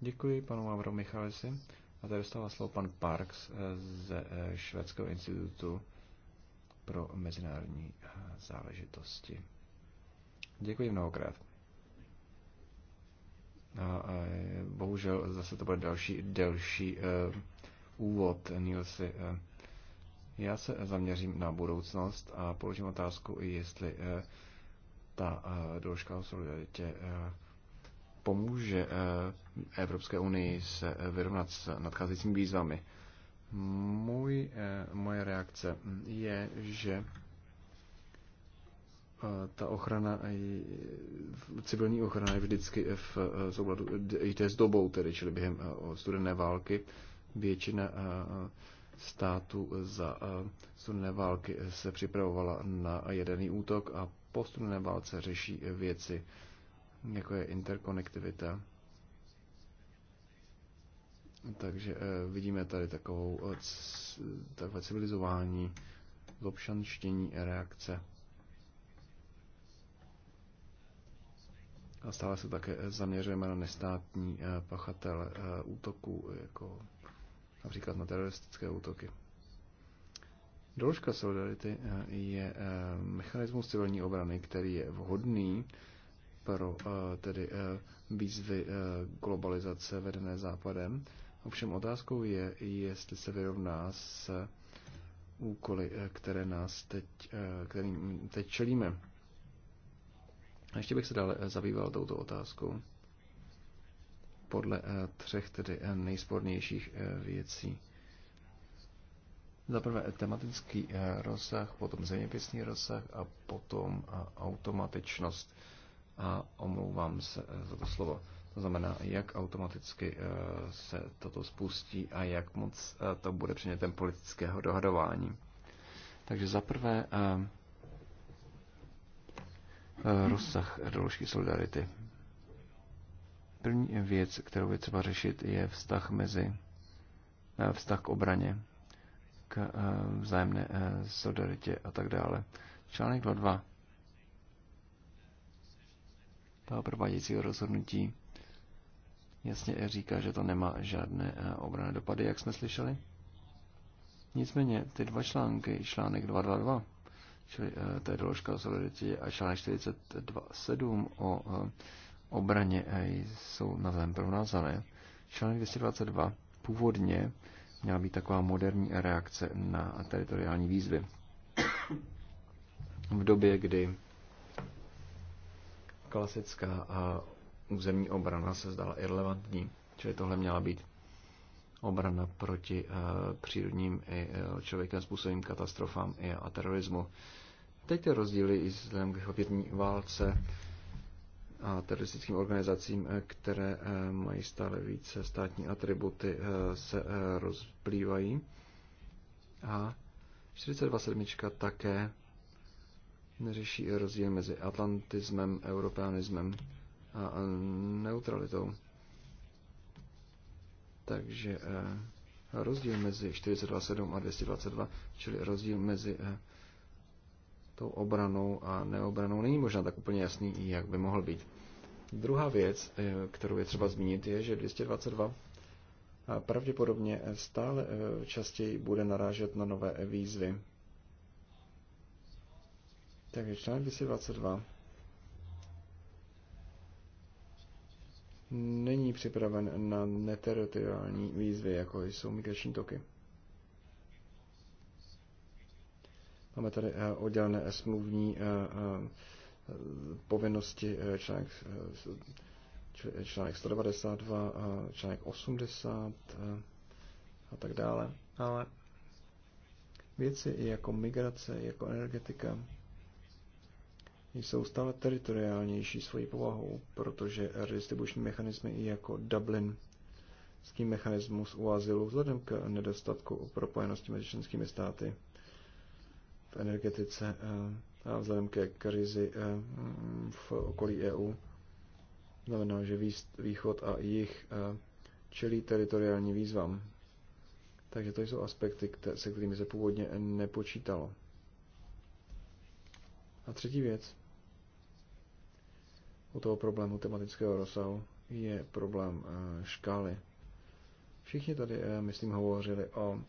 Speaker 3: Děkuji panu Mavro Michalisi. A tady dostává slovo pan Parks ze Švédského institutu pro mezinárodní záležitosti. Děkuji mnohokrát. A, a bohužel zase to bude další delší uh, úvod. Nilsi, uh, já se zaměřím na budoucnost a položím otázku, jestli eh, ta eh, doložka o solidaritě eh, pomůže Evropské unii se vyrovnat s nadcházejícími výzvami. Můj, moje reakce je, že ta ochrana, civilní ochrana je vždycky v souladu, jde s dobou, tedy čili během studené války, většina států za eh, studené války se připravovala na jedený útok a po studené válce řeší věci, jako je interkonektivita. Takže eh, vidíme tady takovou eh, takové civilizování, zobšanštění reakce. A stále se také zaměřujeme na nestátní pachatele útoku jako například na teroristické útoky. Doložka solidarity eh, je eh, mechanismus civilní obrany, který je vhodný pro eh, tedy výzvy globalizace vedené západem. Ovšem otázkou je, jestli se vyrovná s úkoly, které nás teď, kterým teď čelíme. A ještě bych se dále zabýval touto otázkou podle eh, třech tedy eh, nejspornějších eh, věcí. Za prvé tematický rozsah, potom zeměpisný rozsah a potom automatičnost. A omlouvám se za to slovo. To znamená, jak automaticky se toto spustí a jak moc to bude předmětem politického dohadování. Takže za prvé rozsah doložky solidarity. První věc, kterou je třeba řešit, je vztah mezi eh, vztah k obraně, k eh, vzájemné eh, solidaritě a tak dále. Článek 2.2. Toho provádějícího rozhodnutí jasně říká, že to nemá žádné obrané dopady, jak jsme slyšeli. Nicméně ty dva články, článek 222, čili to je doložka o solidaritě a článek 42.7 o obraně e, jsou navzájem provázané. Článek 222 původně měla být taková moderní reakce na teritoriální výzvy. V době, kdy klasická územní obrana se zdala irrelevantní, čili tohle měla být obrana proti e, přírodním i e, člověkem způsobným katastrofám i a terorismu. Teď ty rozdíly i vzhledem k válce a teroristickým organizacím, eh, které eh, mají stále více státní atributy, eh, se rozplývají. A 42.7. také neřeší rozdíl mezi atlantismem, europeanismem a neutralitou. Takže rozdíl mezi 42.7 a 222, čili rozdíl mezi tou obranou a neobranou není možná tak úplně jasný, jak by mohl být. Druhá věc, eh, kterou je třeba zmínit, je, že 222 eh, pravděpodobně stále eh, častěji bude narážet na nové výzvy. Takže článek 222 není připraven na neteritoriální výzvy, jako jsou migrační toky. Máme tady eh, oddělené smluvní eh, eh, povinnosti článek, článek 192, článek 80 a tak dále. Ale věci jako migrace, jako energetika jsou stále teritoriálnější svojí povahou, protože redistribuční mechanismy i jako Dublin mechanismus u azylu vzhledem k nedostatku propojenosti mezi členskými státy v energetice eh, a vzhledem ke krizi eh, v okolí EU. Znamená, že východ a jich eh, čelí teritoriální výzvám. Takže to jsou aspekty, se kterými se původně nepočítalo. A třetí věc u toho problému tematického rozsahu je problém škály. Všichni tady, myslím, hovořili o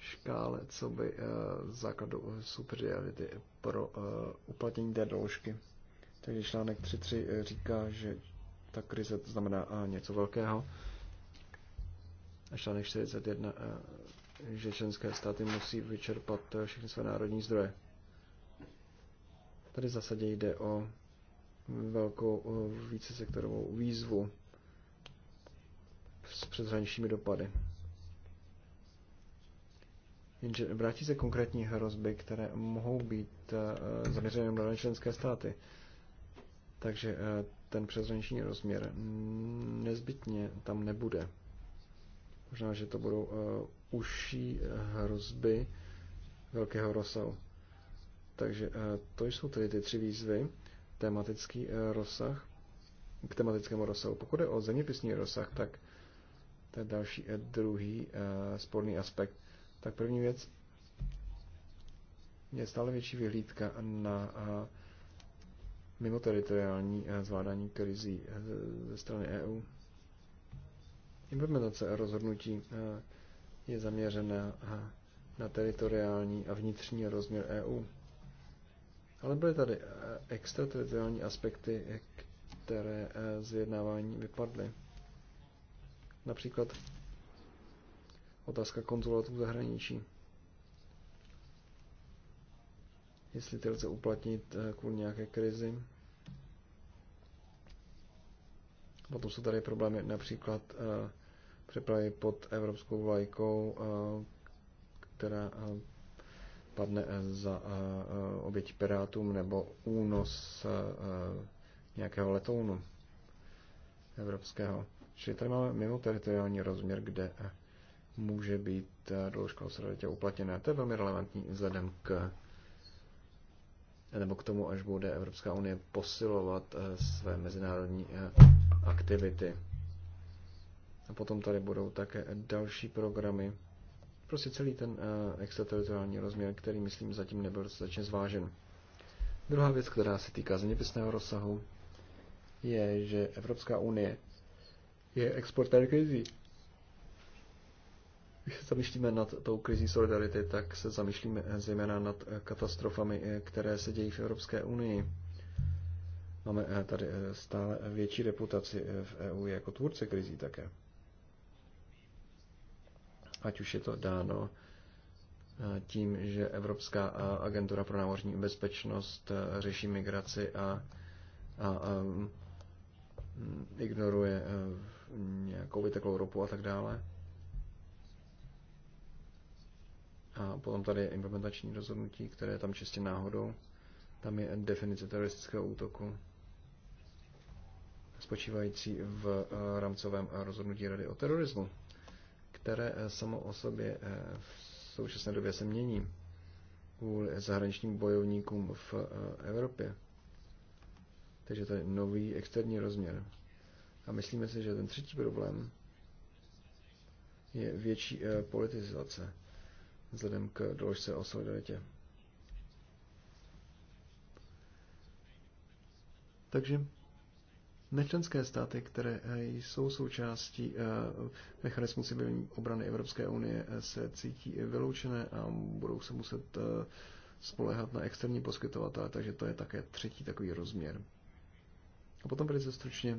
Speaker 3: škále, co by eh, základu eh, superiority pro eh, uplatnění té doložky. Takže článek 3.3 říká, že ta krize to znamená něco velkého. A článek 41, že členské státy musí vyčerpat všechny své národní zdroje. Tady v zásadě jde o velkou vícesektorovou výzvu s přeshraničními dopady. Jenže vrátí se konkrétní hrozby, které mohou být eh, zaměřeny na členské státy. Takže eh, ten přeshraniční rozměr nezbytně tam nebude. Možná, že to budou eh, užší hrozby velkého rozsahu. Takže to jsou tedy ty tři výzvy. Tematický rozsah, k tematickému rozsahu. Pokud je o zeměpisný rozsah, tak to je další druhý sporný aspekt tak první věc je stále větší vyhlídka na mimoteritoriální zvládání krizí e, ze strany EU. Implementace rozhodnutí e, je zaměřena na teritoriální a vnitřní rozměr EU. Ale byly tady e, extrateritoriální aspekty, které z vyjednávání vypadly. Například otázka konzulátů v zahraničí. Jestli ty lze uplatnit eh, kvůli nějaké krizi. Potom jsou tady problémy například eh, přepravy pod evropskou vlajkou, eh, která padne za oběť pirátům nebo únos nějakého letounu evropského. Čili tady máme mimo teritoriální rozměr, kde může být eh, doložka o solidaritě uplatněna. To je velmi relevantní vzhledem k nebo k tomu, až bude Evropská unie posilovat eh, své mezinárodní eh, aktivity. A potom tady budou také další programy. Prostě celý ten extraterritoriální rozměr, který, myslím, zatím nebyl dostatečně zvážen. Druhá věc, která se týká zeměpisného rozsahu, je, že Evropská unie je exportér krizí. Když se zamýšlíme nad tou krizí solidarity, tak se zamýšlíme eh, zejména nad eh, katastrofami, eh, které se dějí v Evropské unii. Máme tady stále větší reputaci v EU jako tvůrce krizí také. Ať už je to dáno tím, že Evropská agentura pro námořní bezpečnost řeší migraci a, a, a ehm, ignoruje nějakou vyteklou ropu a tak dále. A potom tady je implementační rozhodnutí, které je tam čistě náhodou. Tam je definice teroristického útoku spočívající v eh, rámcovém eh, rozhodnutí Rady o terorismu, které eh, samo o sobě v současné době se mění kvůli zahraničním bojovníkům v Evropě. Takže to je nový externí rozměr. A myslíme si, že ten třetí problém je větší politizace vzhledem k doložce o solidaritě. Takže nečlenské státy, které eh, jsou součástí eh, mechanismu civilní obrany Evropské unie, eh, se cítí vyloučené a budou se muset spolehat na externí poskytovatele, takže to je také třetí takový rozměr. A potom velice stručně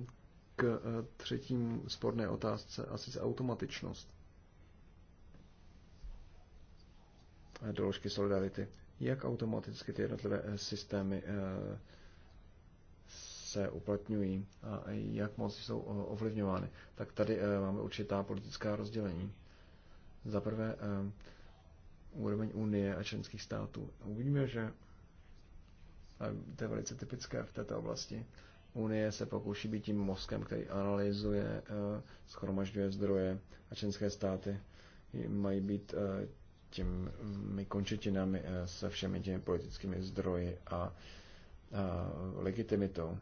Speaker 3: k třetím sporné otázce, a sice automatičnost. doložky solidarity, jak automaticky ty jednotlivé eh, systémy eh, se uplatňují a jak moc jsou eh, ovlivňovány. Tak tady máme určitá politická rozdělení. Za prvé úroveň Unie a členských států. Uvidíme, že a to je velice typické v této oblasti. Unie se pokouší být tím mozkem, který analyzuje, schromažďuje zdroje a členské státy mají být těmi končetinami, eh, se všemi těmi politickými zdroji a, a eh, legitimitou,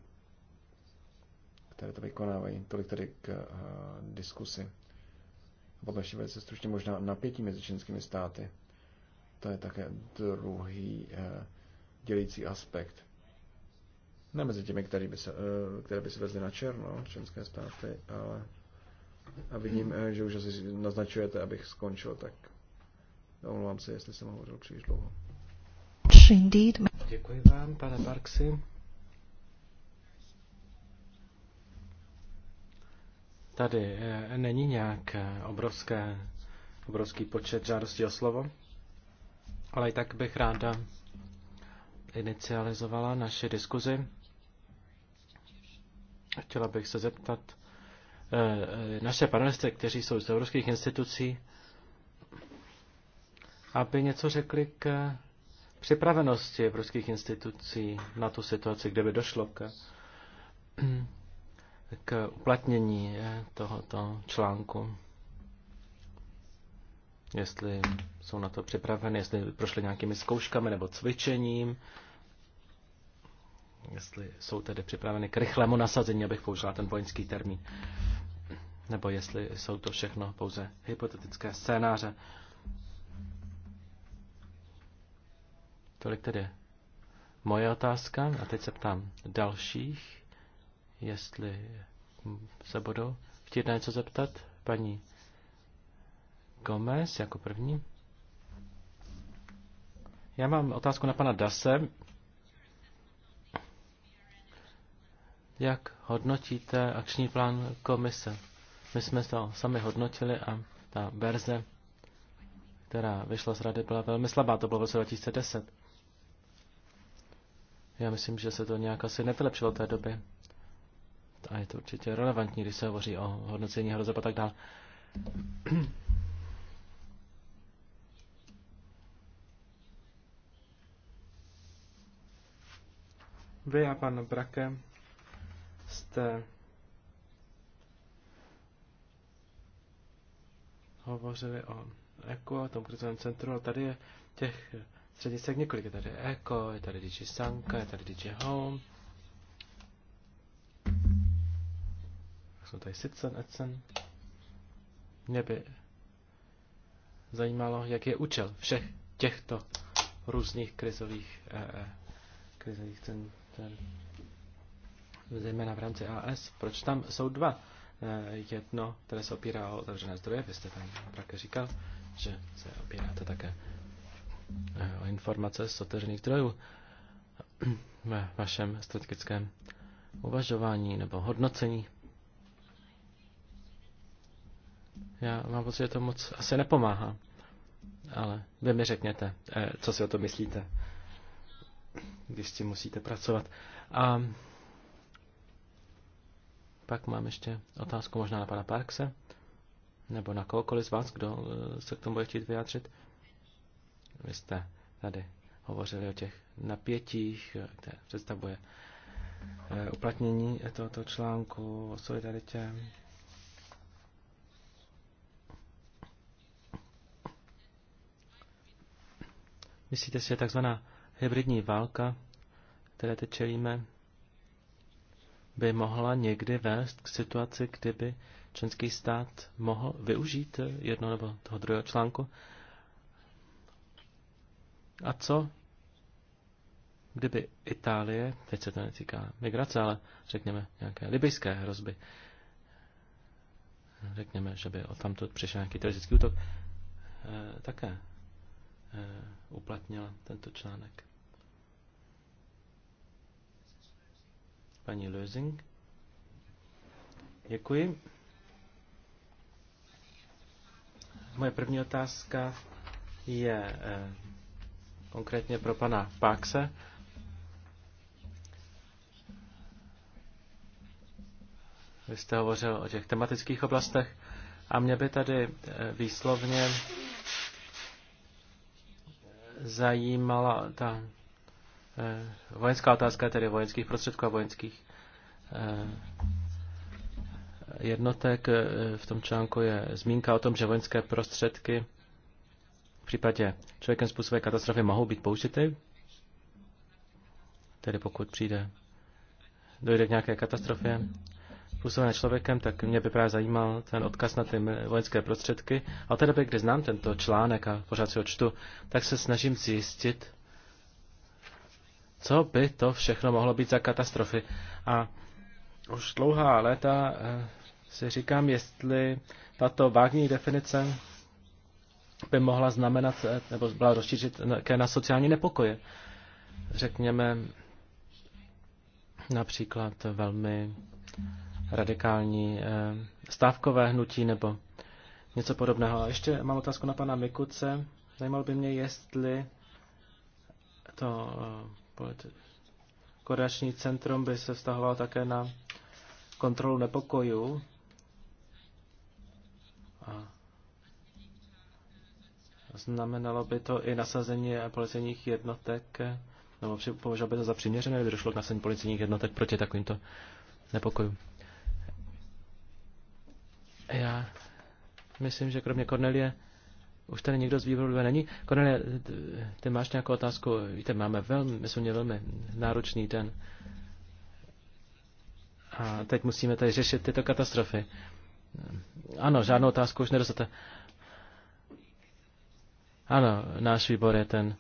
Speaker 3: které to vykonávají. Tolik tedy k a, eh, diskusi. A potom velice stručně možná napětí mezi členskými státy. To je také druhý a, dělící aspekt. Ne mezi těmi, které by se, které by se vezly na černo, členské státy, ale a vidím, že už asi naznačujete, abych skončil, tak Omlouvám se, jestli jsem hovořil příliš dlouho. Děkuji vám, pane
Speaker 2: Barksi. Tady eh, není nějak eh, obrovské, obrovský počet žádostí o slovo, ale i tak bych ráda inicializovala naše diskuzi. Chtěla bych se zeptat eh, naše panelisty, kteří jsou z evropských institucí, aby něco řekli k připravenosti evropských institucí na tu situaci, kde by došlo k, k uplatnění tohoto článku. Jestli jsou na to připraveny, jestli prošly nějakými zkouškami nebo cvičením, jestli jsou tedy připraveny k rychlému nasazení, abych použila ten vojenský termín, nebo jestli jsou to všechno pouze hypotetické scénáře. Tolik tedy moje otázka a teď se ptám dalších, jestli se budou chtít na něco zeptat. Paní Gomez jako první. Já mám otázku na pana Dase. Jak hodnotíte akční plán komise? My jsme to sami hodnotili a ta verze, která vyšla z rady, byla velmi slabá. To bylo v roce 2010. Já myslím, že se to nějak asi nevylepšilo té doby. A je to určitě relevantní, když se hovoří o hodnocení hrozeb a tak dále. Vy a pan Brake jste hovořili o ECO, o tom krizovém centru, a tady je těch středisek několik. Je tady Eko, je tady DJ Sanka, je tady DJ Home. Jsou tady Sitsen, Edsen. Mě by zajímalo, jak je účel všech těchto různých krizových, eh, eh krizových center, zejména v rámci AS. Proč tam jsou dva? Eh, jedno, které se opírá o otevřené zdroje, vy jste tam také říkal, že se opírá to také o informace z otevřených zdrojů ve vašem strategickém uvažování nebo hodnocení. Já mám pocit, že to moc asi nepomáhá, ale vy mi řekněte, eh, co si o to myslíte, když si musíte pracovat. A pak mám ještě otázku možná na pana Parkse, nebo na kohokoliv z vás, kdo eh, se k tomu bude chtít vyjádřit. Vy jste tady hovořili o těch napětích, které představuje eh, uplatnění tohoto článku o solidaritě. Myslíte si, že takzvaná hybridní válka, které teď čelíme, by mohla někdy vést k situaci, kdyby členský stát mohl využít jedno nebo toho druhého článku a co, kdyby Itálie, teď se to netýká migrace, ale řekněme nějaké libyjské hrozby, řekněme, že by odtamtud přišel nějaký teroristický útok, e, také e, uplatnila tento článek. Paní Lösing. Děkuji. Moje první otázka je eh, konkrétně pro pana Pákse. Vy jste hovořil o těch tematických oblastech a mě by tady eh, výslovně zajímala ta eh, vojenská otázka, tedy vojenských prostředků a vojenských eh, jednotek. V tom článku je zmínka o tom, že vojenské prostředky případě člověkem způsobené katastrofy mohou být použity, tedy pokud přijde, dojde k nějaké katastrofě způsobené člověkem, tak mě by právě zajímal ten odkaz na ty vojenské prostředky. A od té doby, kdy znám tento článek a pořád si ho čtu, tak se snažím zjistit, co by to všechno mohlo být za katastrofy. A už dlouhá léta eh, si říkám, jestli tato vágní definice by mohla znamenat, eh, nebo byla rozšířit na sociální nepokoje. Řekněme například velmi radikální eh, stávkové hnutí nebo něco podobného. A ještě mám otázku na pana Mikuce. Zajímalo by mě, jestli to eh, koreační centrum by se vztahovalo také na kontrolu nepokojů Znamenalo by to i nasazení policejních jednotek, nebo považoval by to za přiměřené, kdyby došlo k nasazení policejních jednotek proti takovýmto nepokojům. Já myslím, že kromě Kornelie už tady nikdo z výboru není. Kornelie, ty máš nějakou otázku? Víte, máme velmi, myslím, mě velmi náročný den. A teď musíme tady řešit tyto katastrofy. Ano, žádnou otázku už nedostate. Ano, náš výbor je ten eh,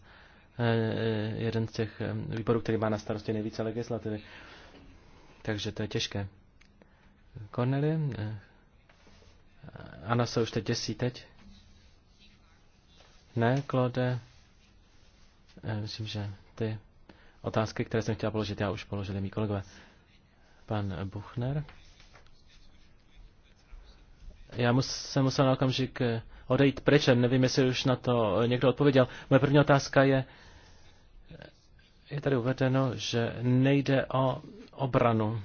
Speaker 2: eh, jeden z těch eh, výborů, který má na starosti nejvíce legislativy. Takže to je těžké. Cornelie? Ano, se už teď děsí teď. Ne, Claude? Myslím, že ty otázky, které jsem chtěla položit, já už položili mý kolegové. Pan Buchner? Já mus, jsem musel na okamžik odejít pryč. Nevím, jestli už na to někdo odpověděl. Moje první otázka je, je tady uvedeno, že nejde o obranu.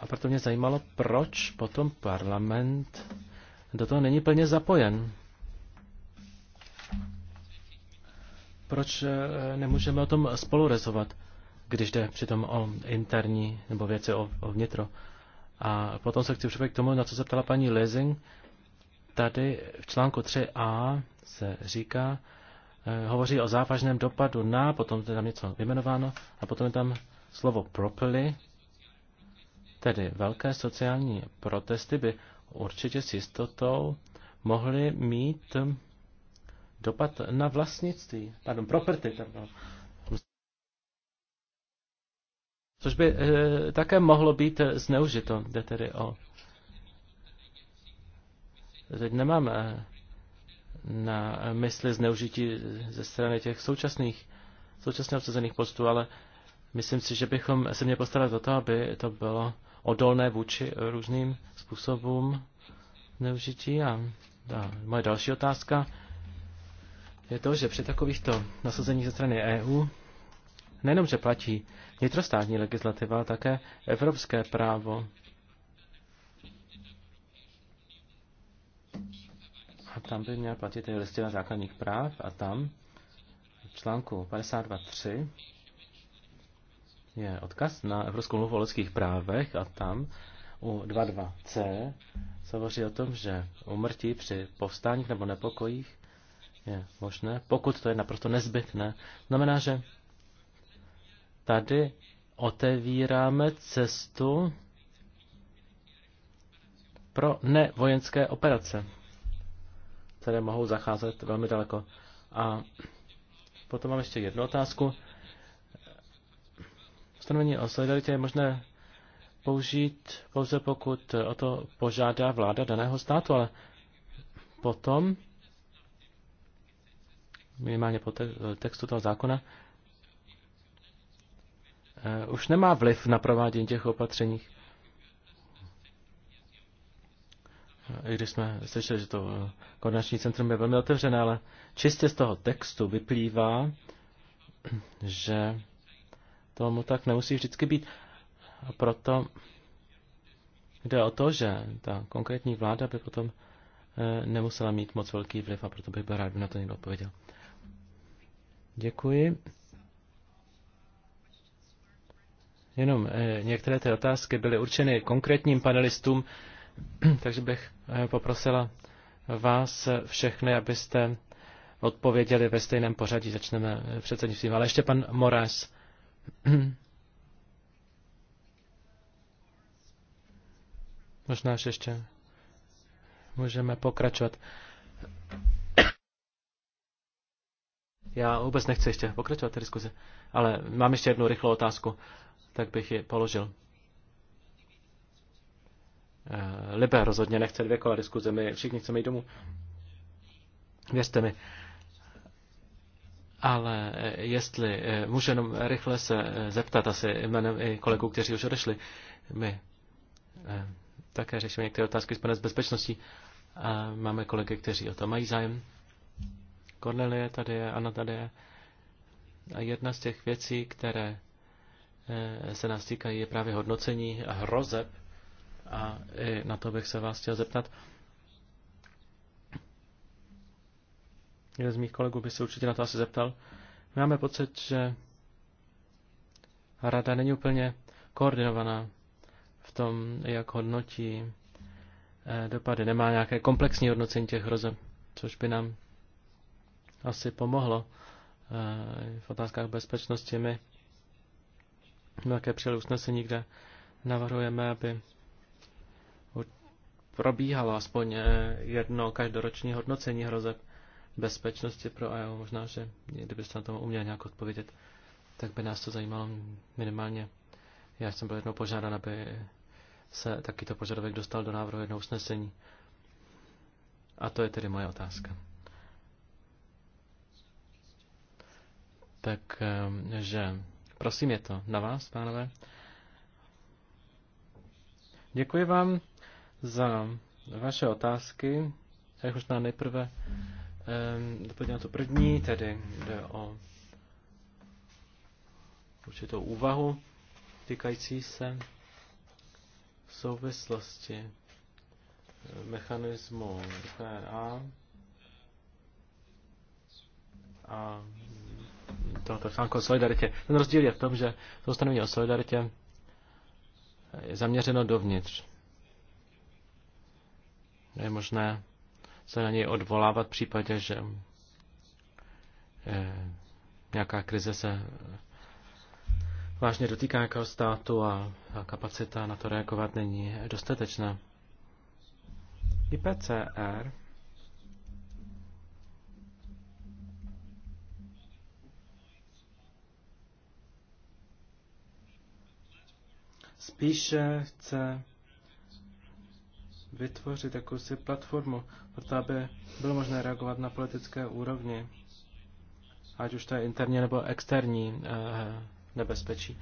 Speaker 2: A proto mě zajímalo, proč potom parlament do toho není plně zapojen. Proč eh, nemůžeme o tom spolurezovat, když jde přitom o interní nebo věci o, o vnitro. A potom se chci připojit k tomu, na co se ptala paní Lezing, tady v článku 3a se říká, eh, hovoří o závažném dopadu na, potom je tam něco vyjmenováno, a potom je tam slovo properly, tedy velké sociální protesty by určitě s jistotou mohly mít dopad na vlastnictví, pardon, property, pardon. což by e, také mohlo být zneužito. Jde tedy o Teď nemám eh, na mysli zneužití ze strany těch současných, současně obsazených postů, ale myslím si, že bychom se měli postarat o to, aby to bylo odolné vůči různým způsobům zneužití. A, ta moje další otázka je to, že při takovýchto nasazeních ze strany EU nejenom, že platí vnitrostátní legislativa, ale také evropské právo. a tam by měl platit i listina základních práv a tam v článku 52.3 je odkaz na Evropskou mluvu o lidských právech a tam u 22c se hovoří o tom, že umrtí při povstáních nebo nepokojích je možné, pokud to je naprosto nezbytné. Znamená, že tady otevíráme cestu pro nevojenské operace které mohou zacházet velmi daleko. A potom mám ještě jednu otázku. Stanovení o solidaritě je možné použít pouze pokud o to požádá vláda daného státu, ale potom, minimálně po textu toho zákona, eh, už nemá vliv na provádění těch opatřeních. i když jsme slyšeli, že to eh, koordinační centrum je velmi otevřené, ale čistě z toho textu vyplývá, že tomu tak nemusí vždycky být. A proto jde o to, že ta konkrétní vláda by potom eh, nemusela mít moc velký vliv a proto bych byl rád, by na to někdo odpověděl. Děkuji. Jenom eh, některé ty otázky byly určeny konkrétním panelistům. Takže bych eh, poprosila vás všechny, abyste odpověděli ve stejném pořadí. Začneme eh, předsednictvím. Ale ještě pan Moraes. Možná ještě můžeme pokračovat. Já vůbec nechci ještě pokračovat té diskuzi, ale mám ještě jednu rychlou otázku, tak bych ji položil. Eh, Libe rozhodně nechce dvě kola diskuze, my všichni chceme jít domů. Věřte mi. Ale eh, jestli eh, můžu jenom rychle se zeptat asi jménem i kolegů, kteří už odešli, my také řešíme některé otázky spojené s bezpečností a máme kolegy, kteří o to mají zájem. Cornelie tady je, Anna tady je. A jedna z těch věcí, které se nás týkají, je právě hodnocení hrozeb a i na to bych se vás chtěl zeptat. Jeden z mých kolegů by se určitě na to asi zeptal. My máme pocit, že rada není úplně koordinovaná v tom, jak hodnotí eh, dopady. Nemá nějaké komplexní hodnocení těch hrozeb, což by nám asi pomohlo eh, v otázkách bezpečnosti. My také přijeli usnesení, kde navrhujeme, aby probíhalo aspoň eh, jedno každoroční hodnocení hrozeb bezpečnosti pro EU. Možná, že kdybyste na tom uměl nějak odpovědět, tak by nás to zajímalo minimálně. Já jsem byl jednou požádán, aby se takýto požadavek dostal do návrhu jednoho usnesení. A to je tedy moje otázka. Takže eh, prosím je to na vás, pánové. Děkuji vám za vaše otázky. Já už na nejprve doplňu na to první, tedy jde o určitou úvahu týkající se v souvislosti eh, mechanismu DNA a tohoto článku o solidaritě. Ten rozdíl je v tom, že to ustanovení o solidaritě je zaměřeno dovnitř je možné se na něj odvolávat v případě, že eh, nějaká krize se vážně dotýká nějakého státu a kapacita na to reagovat není dostatečná. IPCR spíše chce vytvořit jakousi platformu, proto aby bylo možné reagovat na politické úrovni, ať už to je interní nebo externí eh, nebezpečí.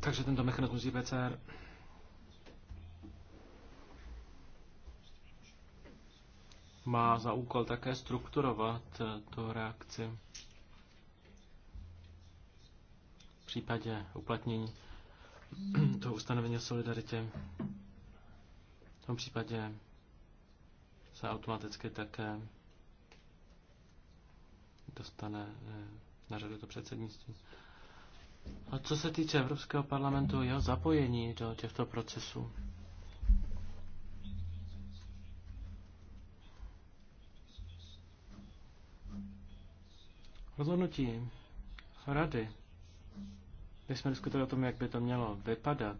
Speaker 2: Takže tento mechanismus IBCR má za úkol také strukturovat eh, tu reakci v případě uplatnění toho ustanovení o solidaritě v tom případě se automaticky také dostane eh, na řadu to předsednictví. A co se týče Evropského parlamentu, jeho zapojení do těchto procesů? Rozhodnutí rady, když jsme diskutovali o tom, jak by to mělo vypadat,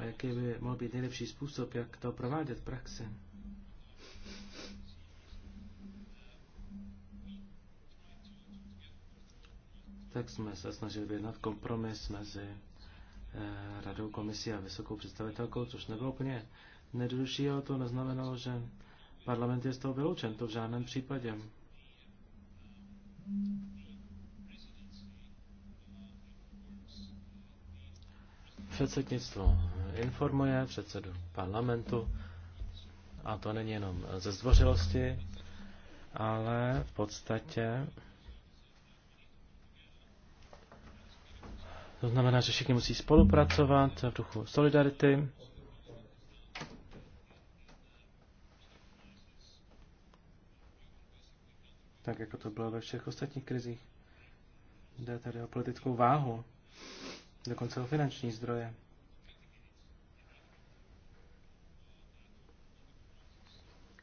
Speaker 2: a jaký by mohl být nejlepší způsob, jak to provádět v praxi. Tak jsme se snažili vyjednat kompromis mezi eh, Radou komisí a vysokou představitelkou, což nebylo úplně nejjednodušší, ale to neznamenalo, že parlament je z toho vyloučen, to v žádném případě. Mm. Předsednictvo informuje předsedu parlamentu, a to není jenom ze zdvořilosti, ale v podstatě to znamená, že všichni musí spolupracovat v duchu solidarity. Tak jako to bylo ve všech ostatních krizích. Jde tady o politickou váhu dokonce o finanční zdroje.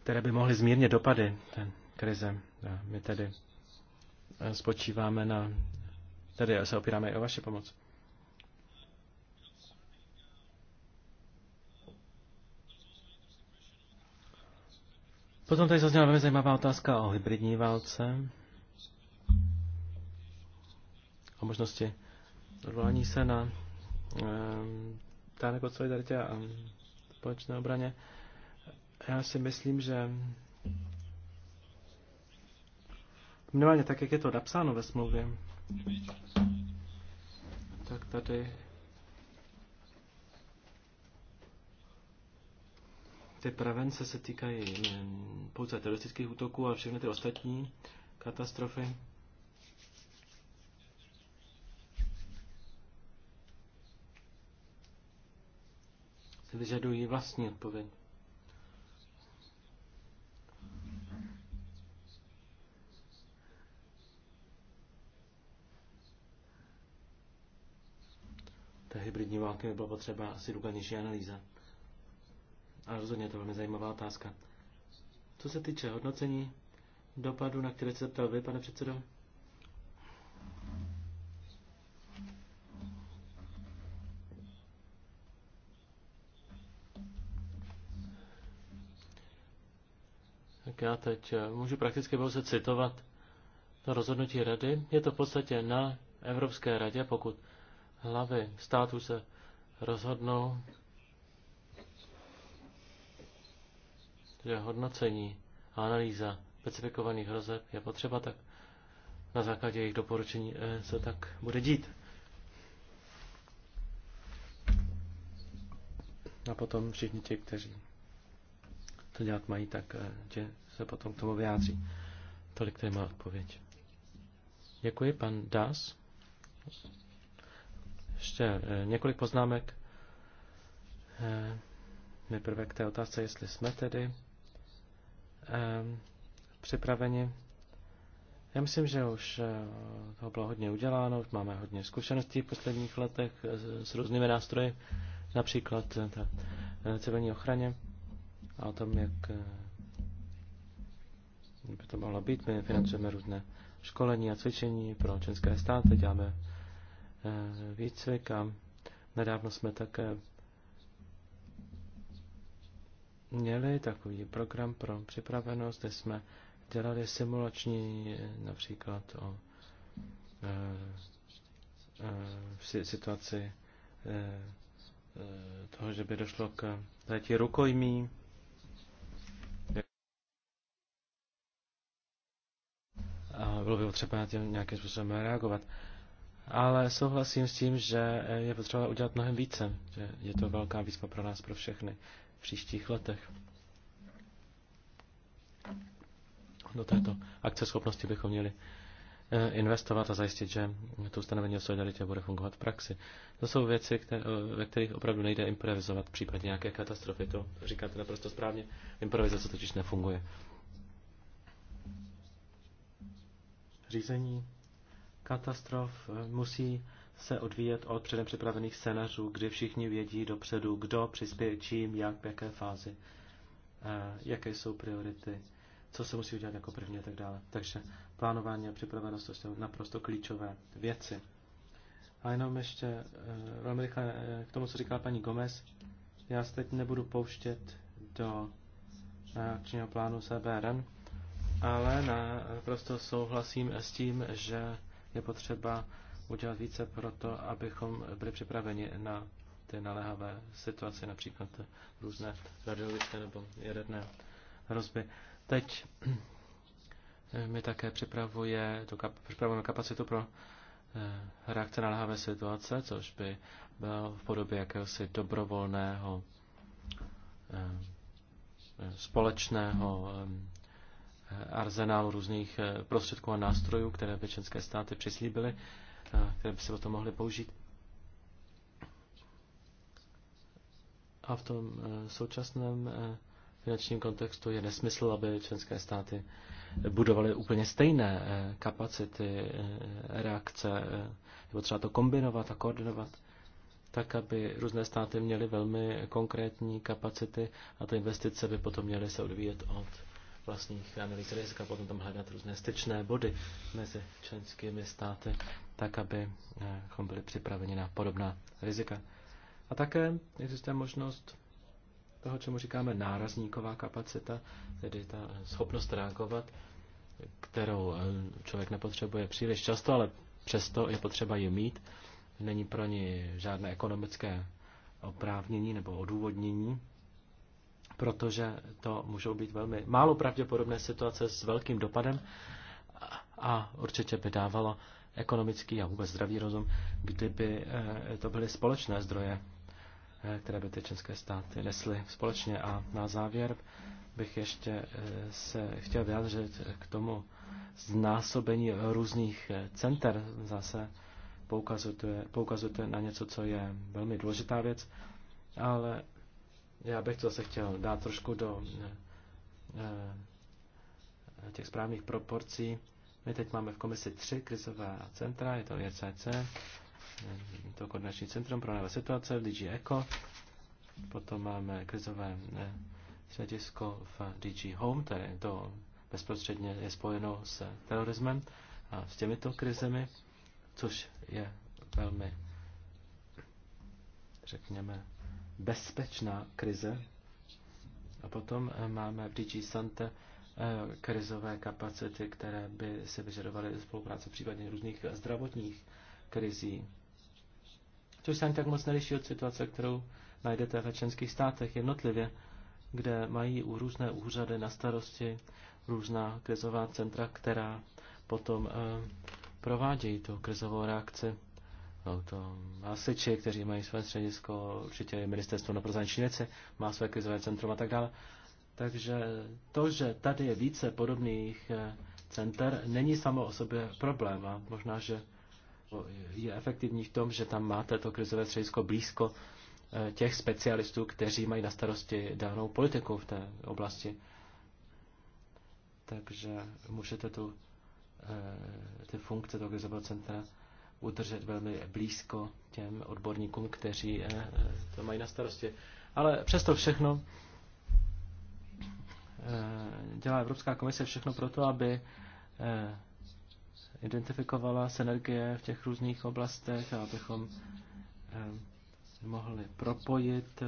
Speaker 2: které by mohly zmírnit dopady té krize. A my tedy spočíváme na, tedy se opíráme i o vaši pomoc. Potom tady zazněla velmi zajímavá otázka o hybridní válce, o možnosti odvolání se na ehm, tánek od solidaritě a společné obraně. Já si myslím, že minimálně tak, jak je to napsáno ve smlouvě, tak tady ty prevence se týkají pouze teroristických útoků, a všechny ty ostatní katastrofy vyžadují vlastní odpověď. Té hybridní války by byla potřeba asi důkladnější analýza. A rozhodně je to velmi zajímavá otázka. Co se týče hodnocení dopadu, na které se ptal vy, pane předsedo, tak já teď eh, můžu prakticky pouze citovat to rozhodnutí rady. Je to v podstatě na Evropské radě, pokud hlavy států se rozhodnou, že hodnocení a analýza specifikovaných hrozeb je potřeba, tak na základě jejich doporučení eh, se tak bude dít. A potom všichni ti, kteří to dělat mají, tak tě eh, se potom k tomu vyjádří. Tolik tady má odpověď. Děkuji, pan Das. Ještě eh, několik poznámek. Eh, nejprve k té otázce, jestli jsme tedy eh, připraveni. Já myslím, že už toho bylo hodně uděláno, už máme hodně zkušeností v posledních letech s různými nástroji, například civilní ochraně a o tom, jak by to mohlo být. My financujeme různé školení a cvičení pro české státy, děláme eh, výcvik a nedávno jsme také měli takový program pro připravenost, kde jsme dělali simulační eh, například o v eh, situaci toho, že by došlo k zajetí rukojmí a bylo by potřeba na tím nějakým způsobem reagovat. Ale souhlasím s tím, že je potřeba udělat mnohem více, že je to velká výzva pro nás, pro všechny v příštích letech. Do této akceschopnosti bychom měli eh, investovat a zajistit, že to ustanovení o solidaritě bude fungovat v praxi. To jsou věci, které, ve kterých opravdu nejde improvizovat v případě nějaké katastrofy. To říkáte naprosto správně. Improvizace totiž nefunguje. řízení katastrof eh, musí se odvíjet od předem připravených scénářů, kdy všichni vědí dopředu, kdo přispěje čím, jak, v jaké fázi, eh, jaké jsou priority, co se musí udělat jako první a tak dále. Takže plánování a připravenost jsou naprosto klíčové věci. A jenom ještě eh, velmi rychle k tomu, co říkala paní Gomez. Já se teď nebudu pouštět do akčního plánu CBRN, ale naprosto souhlasím s tím, že je potřeba udělat více pro to, abychom byli připraveni na ty naléhavé situace, například různé radiologické nebo jaderné hrozby. Teď my také připravuje, to kap, připravujeme kapacitu pro eh, reakce na naléhavé situace, což by bylo v podobě jakéhosi dobrovolného eh, eh, společného Arzenál různých eh, prostředků a nástrojů, které by členské státy přislíbily, které by se potom to mohly použít. A v tom eh, současném eh, finančním kontextu je nesmysl, aby členské státy budovaly úplně stejné kapacity reakce, nebo třeba to kombinovat a koordinovat, tak aby různé státy měly velmi konkrétní kapacity a ty investice by potom měly se odvíjet od vlastních analýz rizika, potom tam hledat různé styčné body mezi členskými státy, tak abychom eh, byli připraveni na podobná rizika. A také existuje možnost toho, čemu říkáme nárazníková kapacita, tedy ta schopnost reagovat, kterou eh, člověk nepotřebuje příliš často, ale přesto je potřeba ji mít. Není pro ní žádné ekonomické oprávnění nebo odůvodnění protože to můžou být velmi málo pravděpodobné situace s velkým dopadem a určitě by dávalo ekonomický a vůbec zdravý rozum, kdyby eh, to byly společné zdroje, eh, které by ty české státy nesly společně. A na závěr bych ještě eh, se chtěl vyjádřit k tomu znásobení různých center. Zase poukazujete, poukazujete na něco, co je velmi důležitá věc, ale já bych to zase chtěl dát trošku do eh, eh, těch správných proporcí. My teď máme v komisi tři krizová centra, je to IRCC, e eh, to koordinační centrum pro nové situace v DG Eco, potom máme krizové středisko v DG Home, je to bezprostředně je spojeno s terorismem a s těmito krizemi, což je velmi, řekněme, bezpečná krize. A potom eh, máme v DG Sante eh, krizové kapacity, které by se vyžadovaly spolupráce případně různých zdravotních krizí. Což se ani tak moc neliší od situace, kterou najdete ve členských státech jednotlivě, kde mají u různé úřady na starosti různá krizová centra, která potom eh, provádějí tu krizovou reakci. Jsou to hasiči, kteří mají své středisko, určitě ministerstvo na prozaniční věci, má své krizové centrum a tak dále. Takže to, že tady je více podobných eh, center, není samo o sobě problém a možná, že je efektivní v tom, že tam máte to krizové středisko blízko eh, těch specialistů, kteří mají na starosti danou politiku v té oblasti. Takže můžete tu eh, ty funkce toho krizového centra udržet velmi blízko těm odborníkům, kteří eh, to mají na starosti. Ale přesto všechno eh, dělá Evropská komise všechno pro to, aby eh, identifikovala synergie v těch různých oblastech a abychom mohli propojit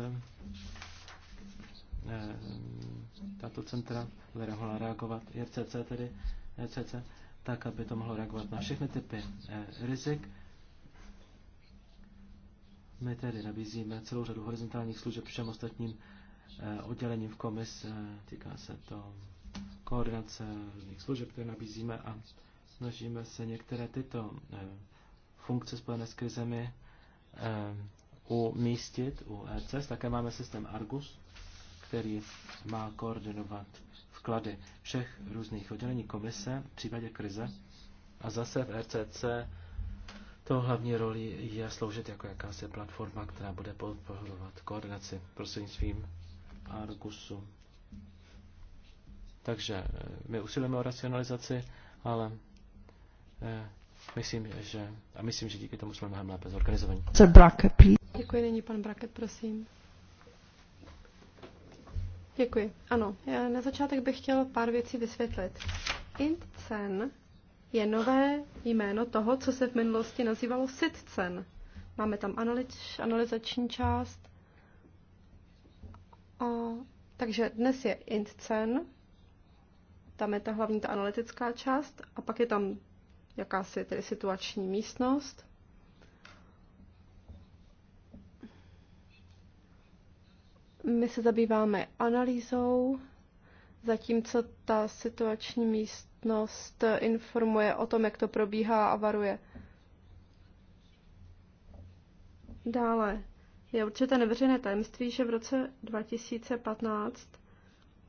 Speaker 2: tato centra, mohla reagovat RCC tedy, RCC. E tak aby to mohlo reagovat na všechny typy eh, rizik. My tedy nabízíme celou řadu horizontálních služeb všem ostatním eh, oddělením v komis. Eh, týká se to koordinace služeb, které nabízíme a snažíme se některé tyto funkce spojené s krizemi umístit u ECS. Také máme systém Argus, který má koordinovat vklady všech různých oddělení komise v případě krize. A zase v RCC to hlavní roli je sloužit jako jakási platforma, která bude podporovat koordinaci prostřednictvím Argusu. Takže eh, my usilujeme o racionalizaci, ale eh, myslím, že, a myslím, že díky tomu jsme mnohem lépe zorganizovaní.
Speaker 1: Děkuji, není pan Braket, prosím. Děkuji. Ano, já na začátek bych chtěl pár věcí vysvětlit. Intcen je nové jméno toho, co se v minulosti nazývalo sitcen. Máme tam analyč, analizační část. A, takže dnes je intcen, tam je ta hlavní ta analytická část a pak je tam jakási tedy situační místnost. My se zabýváme analýzou, zatímco ta situační místnost informuje o tom, jak to probíhá a varuje. Dále je určité neveřejné tajemství, že v roce 2015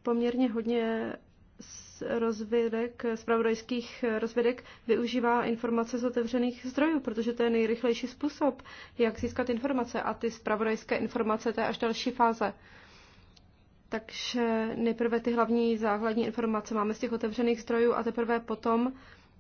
Speaker 1: poměrně hodně z rozvědek, zpravodajských rozvědek využívá informace z otevřených zdrojů, protože to je nejrychlejší způsob, jak získat informace a ty zpravodajské informace, to je až další fáze. Takže nejprve ty hlavní základní informace máme z těch otevřených zdrojů a teprve potom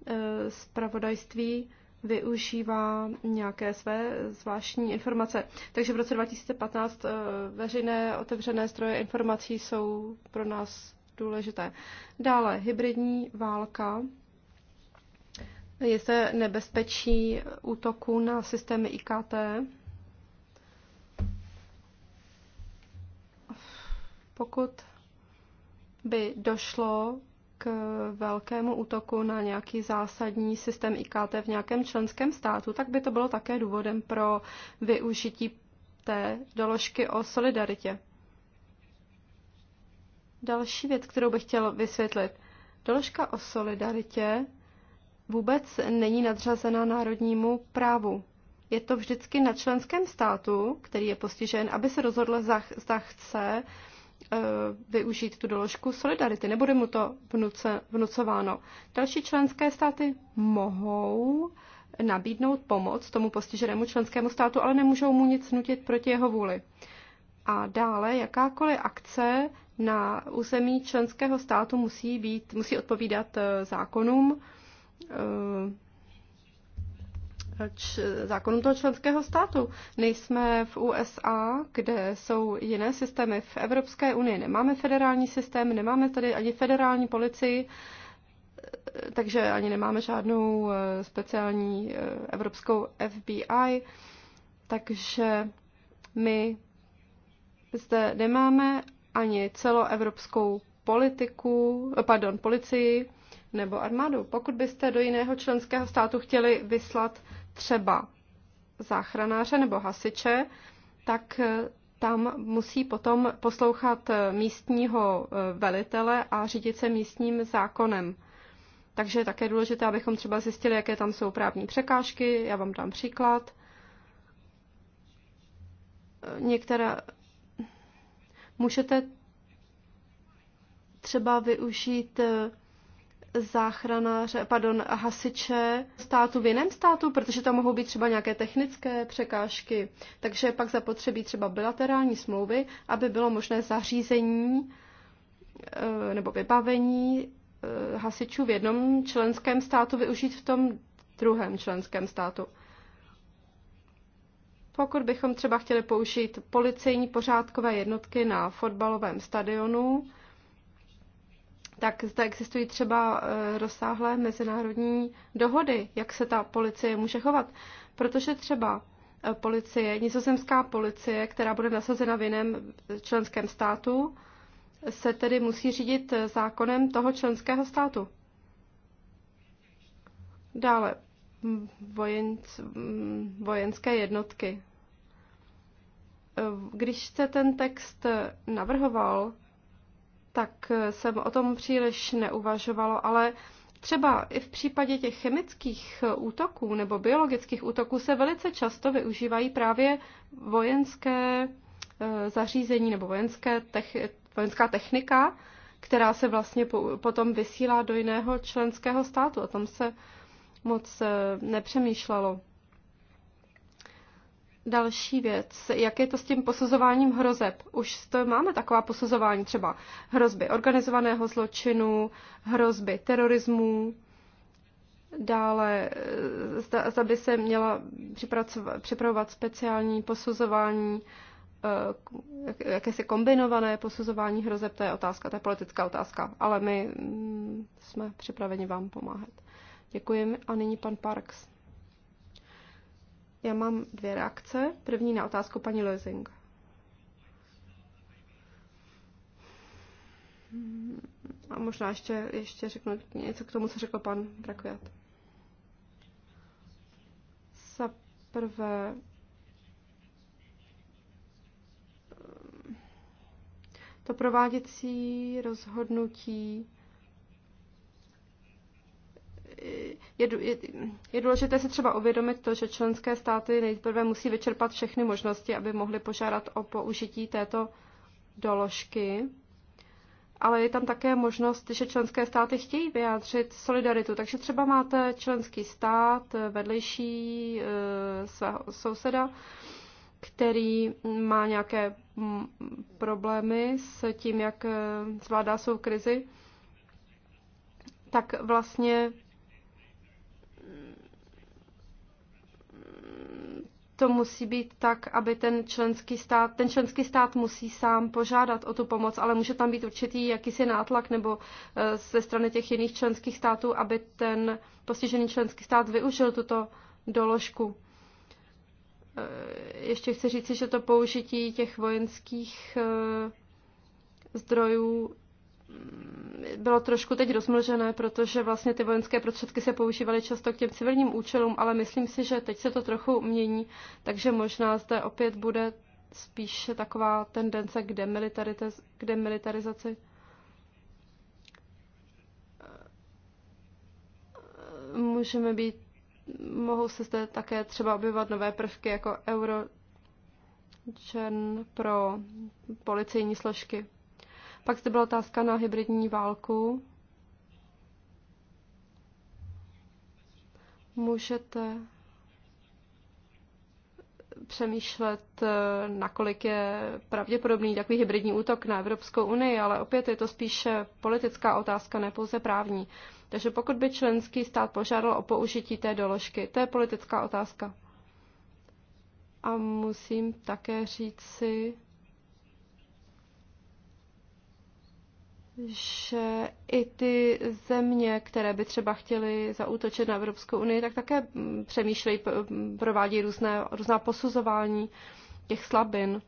Speaker 1: eh, zpravodajství využívá nějaké své zvláštní informace. Takže v roce 2015 eh, veřejné otevřené zdroje informací jsou pro nás důležité. Dále hybridní válka. Je se nebezpečí útoku na systémy IKT. Pokud by došlo k velkému útoku na nějaký zásadní systém IKT v nějakém členském státu, tak by to bylo také důvodem pro využití té doložky o solidaritě. Další věc, kterou bych chtěl vysvětlit. Doložka o solidaritě vůbec není nadřazena národnímu právu. Je to vždycky na členském státu, který je postižen, aby se rozhodl, zda chce e, využít tu doložku solidarity. Nebude mu to vnuce, vnucováno. Další členské státy mohou nabídnout pomoc tomu postiženému členskému státu, ale nemůžou mu nic nutit proti jeho vůli. A dále jakákoliv akce na území členského státu musí, být, musí odpovídat eh, zákonům, eh, č, zákonům toho členského státu. Nejsme v USA, kde jsou jiné systémy. V Evropské unii nemáme federální systém, nemáme tady ani federální policii, eh, takže ani nemáme žádnou speciální evropskou FBI. Takže my zde nemáme ani celoevropskou politiku, pardon, policii nebo armádu. Pokud byste do jiného členského státu chtěli vyslat třeba záchranáře nebo hasiče, tak eh, tam musí potom poslouchat eh, místního eh, velitele a řídit se místním zákonem. Takže je také důležité, abychom třeba zjistili, jaké tam jsou právní překážky. Já vám dám příklad. Některá, Můžete třeba využít eh, záchranáře, pardon, hasiče státu v jiném státu, protože tam mohou být třeba nějaké technické překážky. Takže pak zapotřebí třeba bilaterální smlouvy, aby bylo možné zařízení eh, nebo vybavení eh, hasičů v jednom členském státu využít v tom druhém členském státu. Pokud bychom třeba chtěli použít policejní pořádkové jednotky na fotbalovém stadionu, tak zde existují třeba eh, rozsáhlé mezinárodní dohody, jak se ta policie může chovat. Protože třeba eh, policie, nizozemská policie, která bude nasazena v jiném eh, členském státu, se tedy musí řídit zákonem toho členského státu. Dále, vojenc, vojenské jednotky. Když se ten text navrhoval, tak jsem o tom příliš neuvažovalo, ale třeba i v případě těch chemických útoků nebo biologických útoků se velice často využívají právě vojenské eh, zařízení nebo vojenské tech, vojenská technika, která se vlastně potom vysílá do jiného členského státu. O tom se moc eh, nepřemýšlelo. Další věc, jak je to s tím posuzováním hrozeb? Už to máme taková posuzování třeba hrozby organizovaného zločinu, hrozby terorismu, dále eh, zda, zda by se měla připravovat speciální posuzování, eh, jakési kombinované posuzování hrozeb, to je otázka, to je politická otázka, ale my mm, jsme připraveni vám pomáhat. Děkuji a nyní pan Parks. Já mám dvě reakce. První na otázku paní Lezing. A možná ještě, ještě řeknu něco k tomu, co řekl pan Brakviat. Za prvé, to prováděcí rozhodnutí je, je, je důležité si třeba uvědomit to, že členské státy nejprve musí vyčerpat všechny možnosti, aby mohly požádat o použití této doložky. Ale je tam také možnost, že členské státy chtějí vyjádřit solidaritu. Takže třeba máte členský stát vedlejší e, svého souseda, který má nějaké mm, problémy s tím, jak eh, zvládá svou krizi, tak vlastně to musí být tak, aby ten členský stát, ten členský stát musí sám požádat o tu pomoc, ale může tam být určitý jakýsi nátlak nebo eh, ze strany těch jiných členských států, aby ten postižený členský stát využil tuto doložku. Eh, ještě chci říci, že to použití těch vojenských eh, zdrojů bylo trošku teď rozmlžené, protože vlastně ty vojenské prostředky se používaly často k těm civilním účelům, ale myslím si, že teď se to trochu mění, takže možná zde opět bude spíše taková tendence k, k demilitarizaci. Můžeme být, mohou se zde také třeba objevovat nové prvky jako euro pro policejní složky. Pak zde byla otázka na hybridní válku. Můžete přemýšlet, nakolik je pravděpodobný takový hybridní útok na Evropskou unii, ale opět je to spíše politická otázka, ne pouze právní. Takže pokud by členský stát požádal o použití té doložky, to je politická otázka. A musím také říct si, že i ty země, které by třeba chtěly zaútočit na Evropskou unii, tak také mm, přemýšlejí, mm, provádí různé, různá posuzování těch slabin.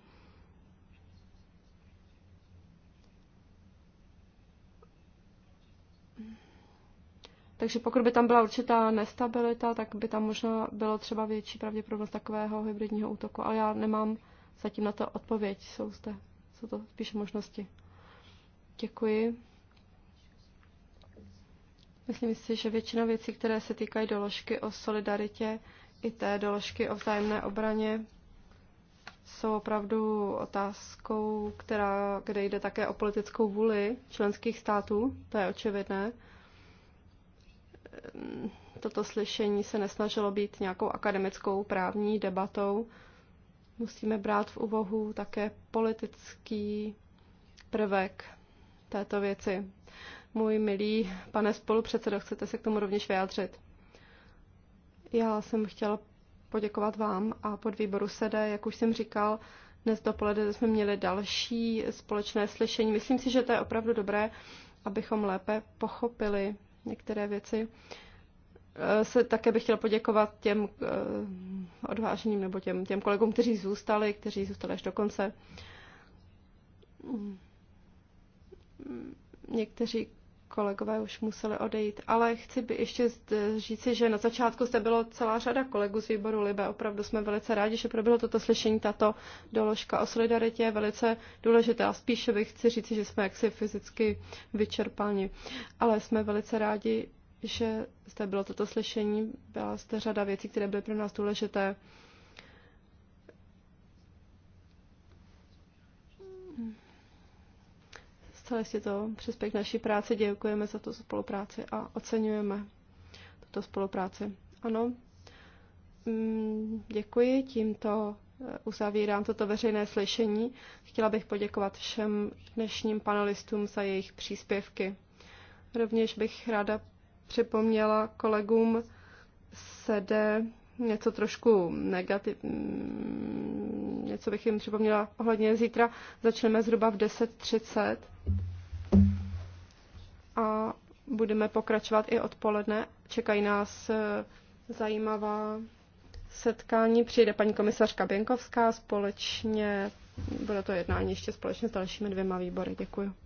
Speaker 1: Takže pokud by tam byla určitá nestabilita, tak by tam možná bylo třeba větší pravděpodobnost takového hybridního útoku. Ale já nemám zatím na to odpověď. Jsou, zde, jsou to spíše možnosti. Děkuji. Myslím si, že většina věcí, které se týkají doložky o solidaritě i té doložky o vzájemné obraně, jsou opravdu otázkou, která, kde jde také o politickou vůli členských států, to je očividné. Toto slyšení se nesnažilo být nějakou akademickou právní debatou. Musíme brát v úvahu také politický prvek této věci. Můj milý pane spolupředsedo, chcete se k tomu rovněž vyjádřit? Já jsem chtěla poděkovat vám a pod výboru SEDE, e, jak už jsem říkal, dnes dopoledne jsme měli další společné slyšení. Myslím si, že to je opravdu dobré, abychom lépe pochopili některé věci. Eh, se také bych chtěla poděkovat těm eh, odváženým nebo těm, těm kolegům, kteří zůstali, kteří zůstali až do konce. Někteří kolegové už museli odejít, ale chci by ještě říci, že na začátku zde bylo celá řada kolegů z výboru Libe. Opravdu jsme velice rádi, že proběhlo toto slyšení. Tato doložka o solidaritě je velice důležitá. Spíše bych chci říci, že jsme jaksi fyzicky vyčerpáni, ale jsme velice rádi, že zde bylo toto slyšení. Byla zde řada věcí, které byly pro nás důležité. Zcela jistě to přispěje naší práci, děkujeme za tu spolupráci a oceňujeme tuto spolupráci. Ano, mm, děkuji, tímto eh, uzavírám toto veřejné slyšení. Chtěla bych poděkovat všem dnešním panelistům za jejich příspěvky. Rovněž bych ráda připomněla kolegům sede něco trošku negativ, mm, něco bych jim připomněla ohledně zítra. Začneme zhruba v 10.30 a budeme pokračovat i odpoledne. Čekají nás eh, zajímavá setkání. Přijde paní komisařka Běnkovská společně, bude to jednání ještě společně s dalšími dvěma výbory. Děkuji.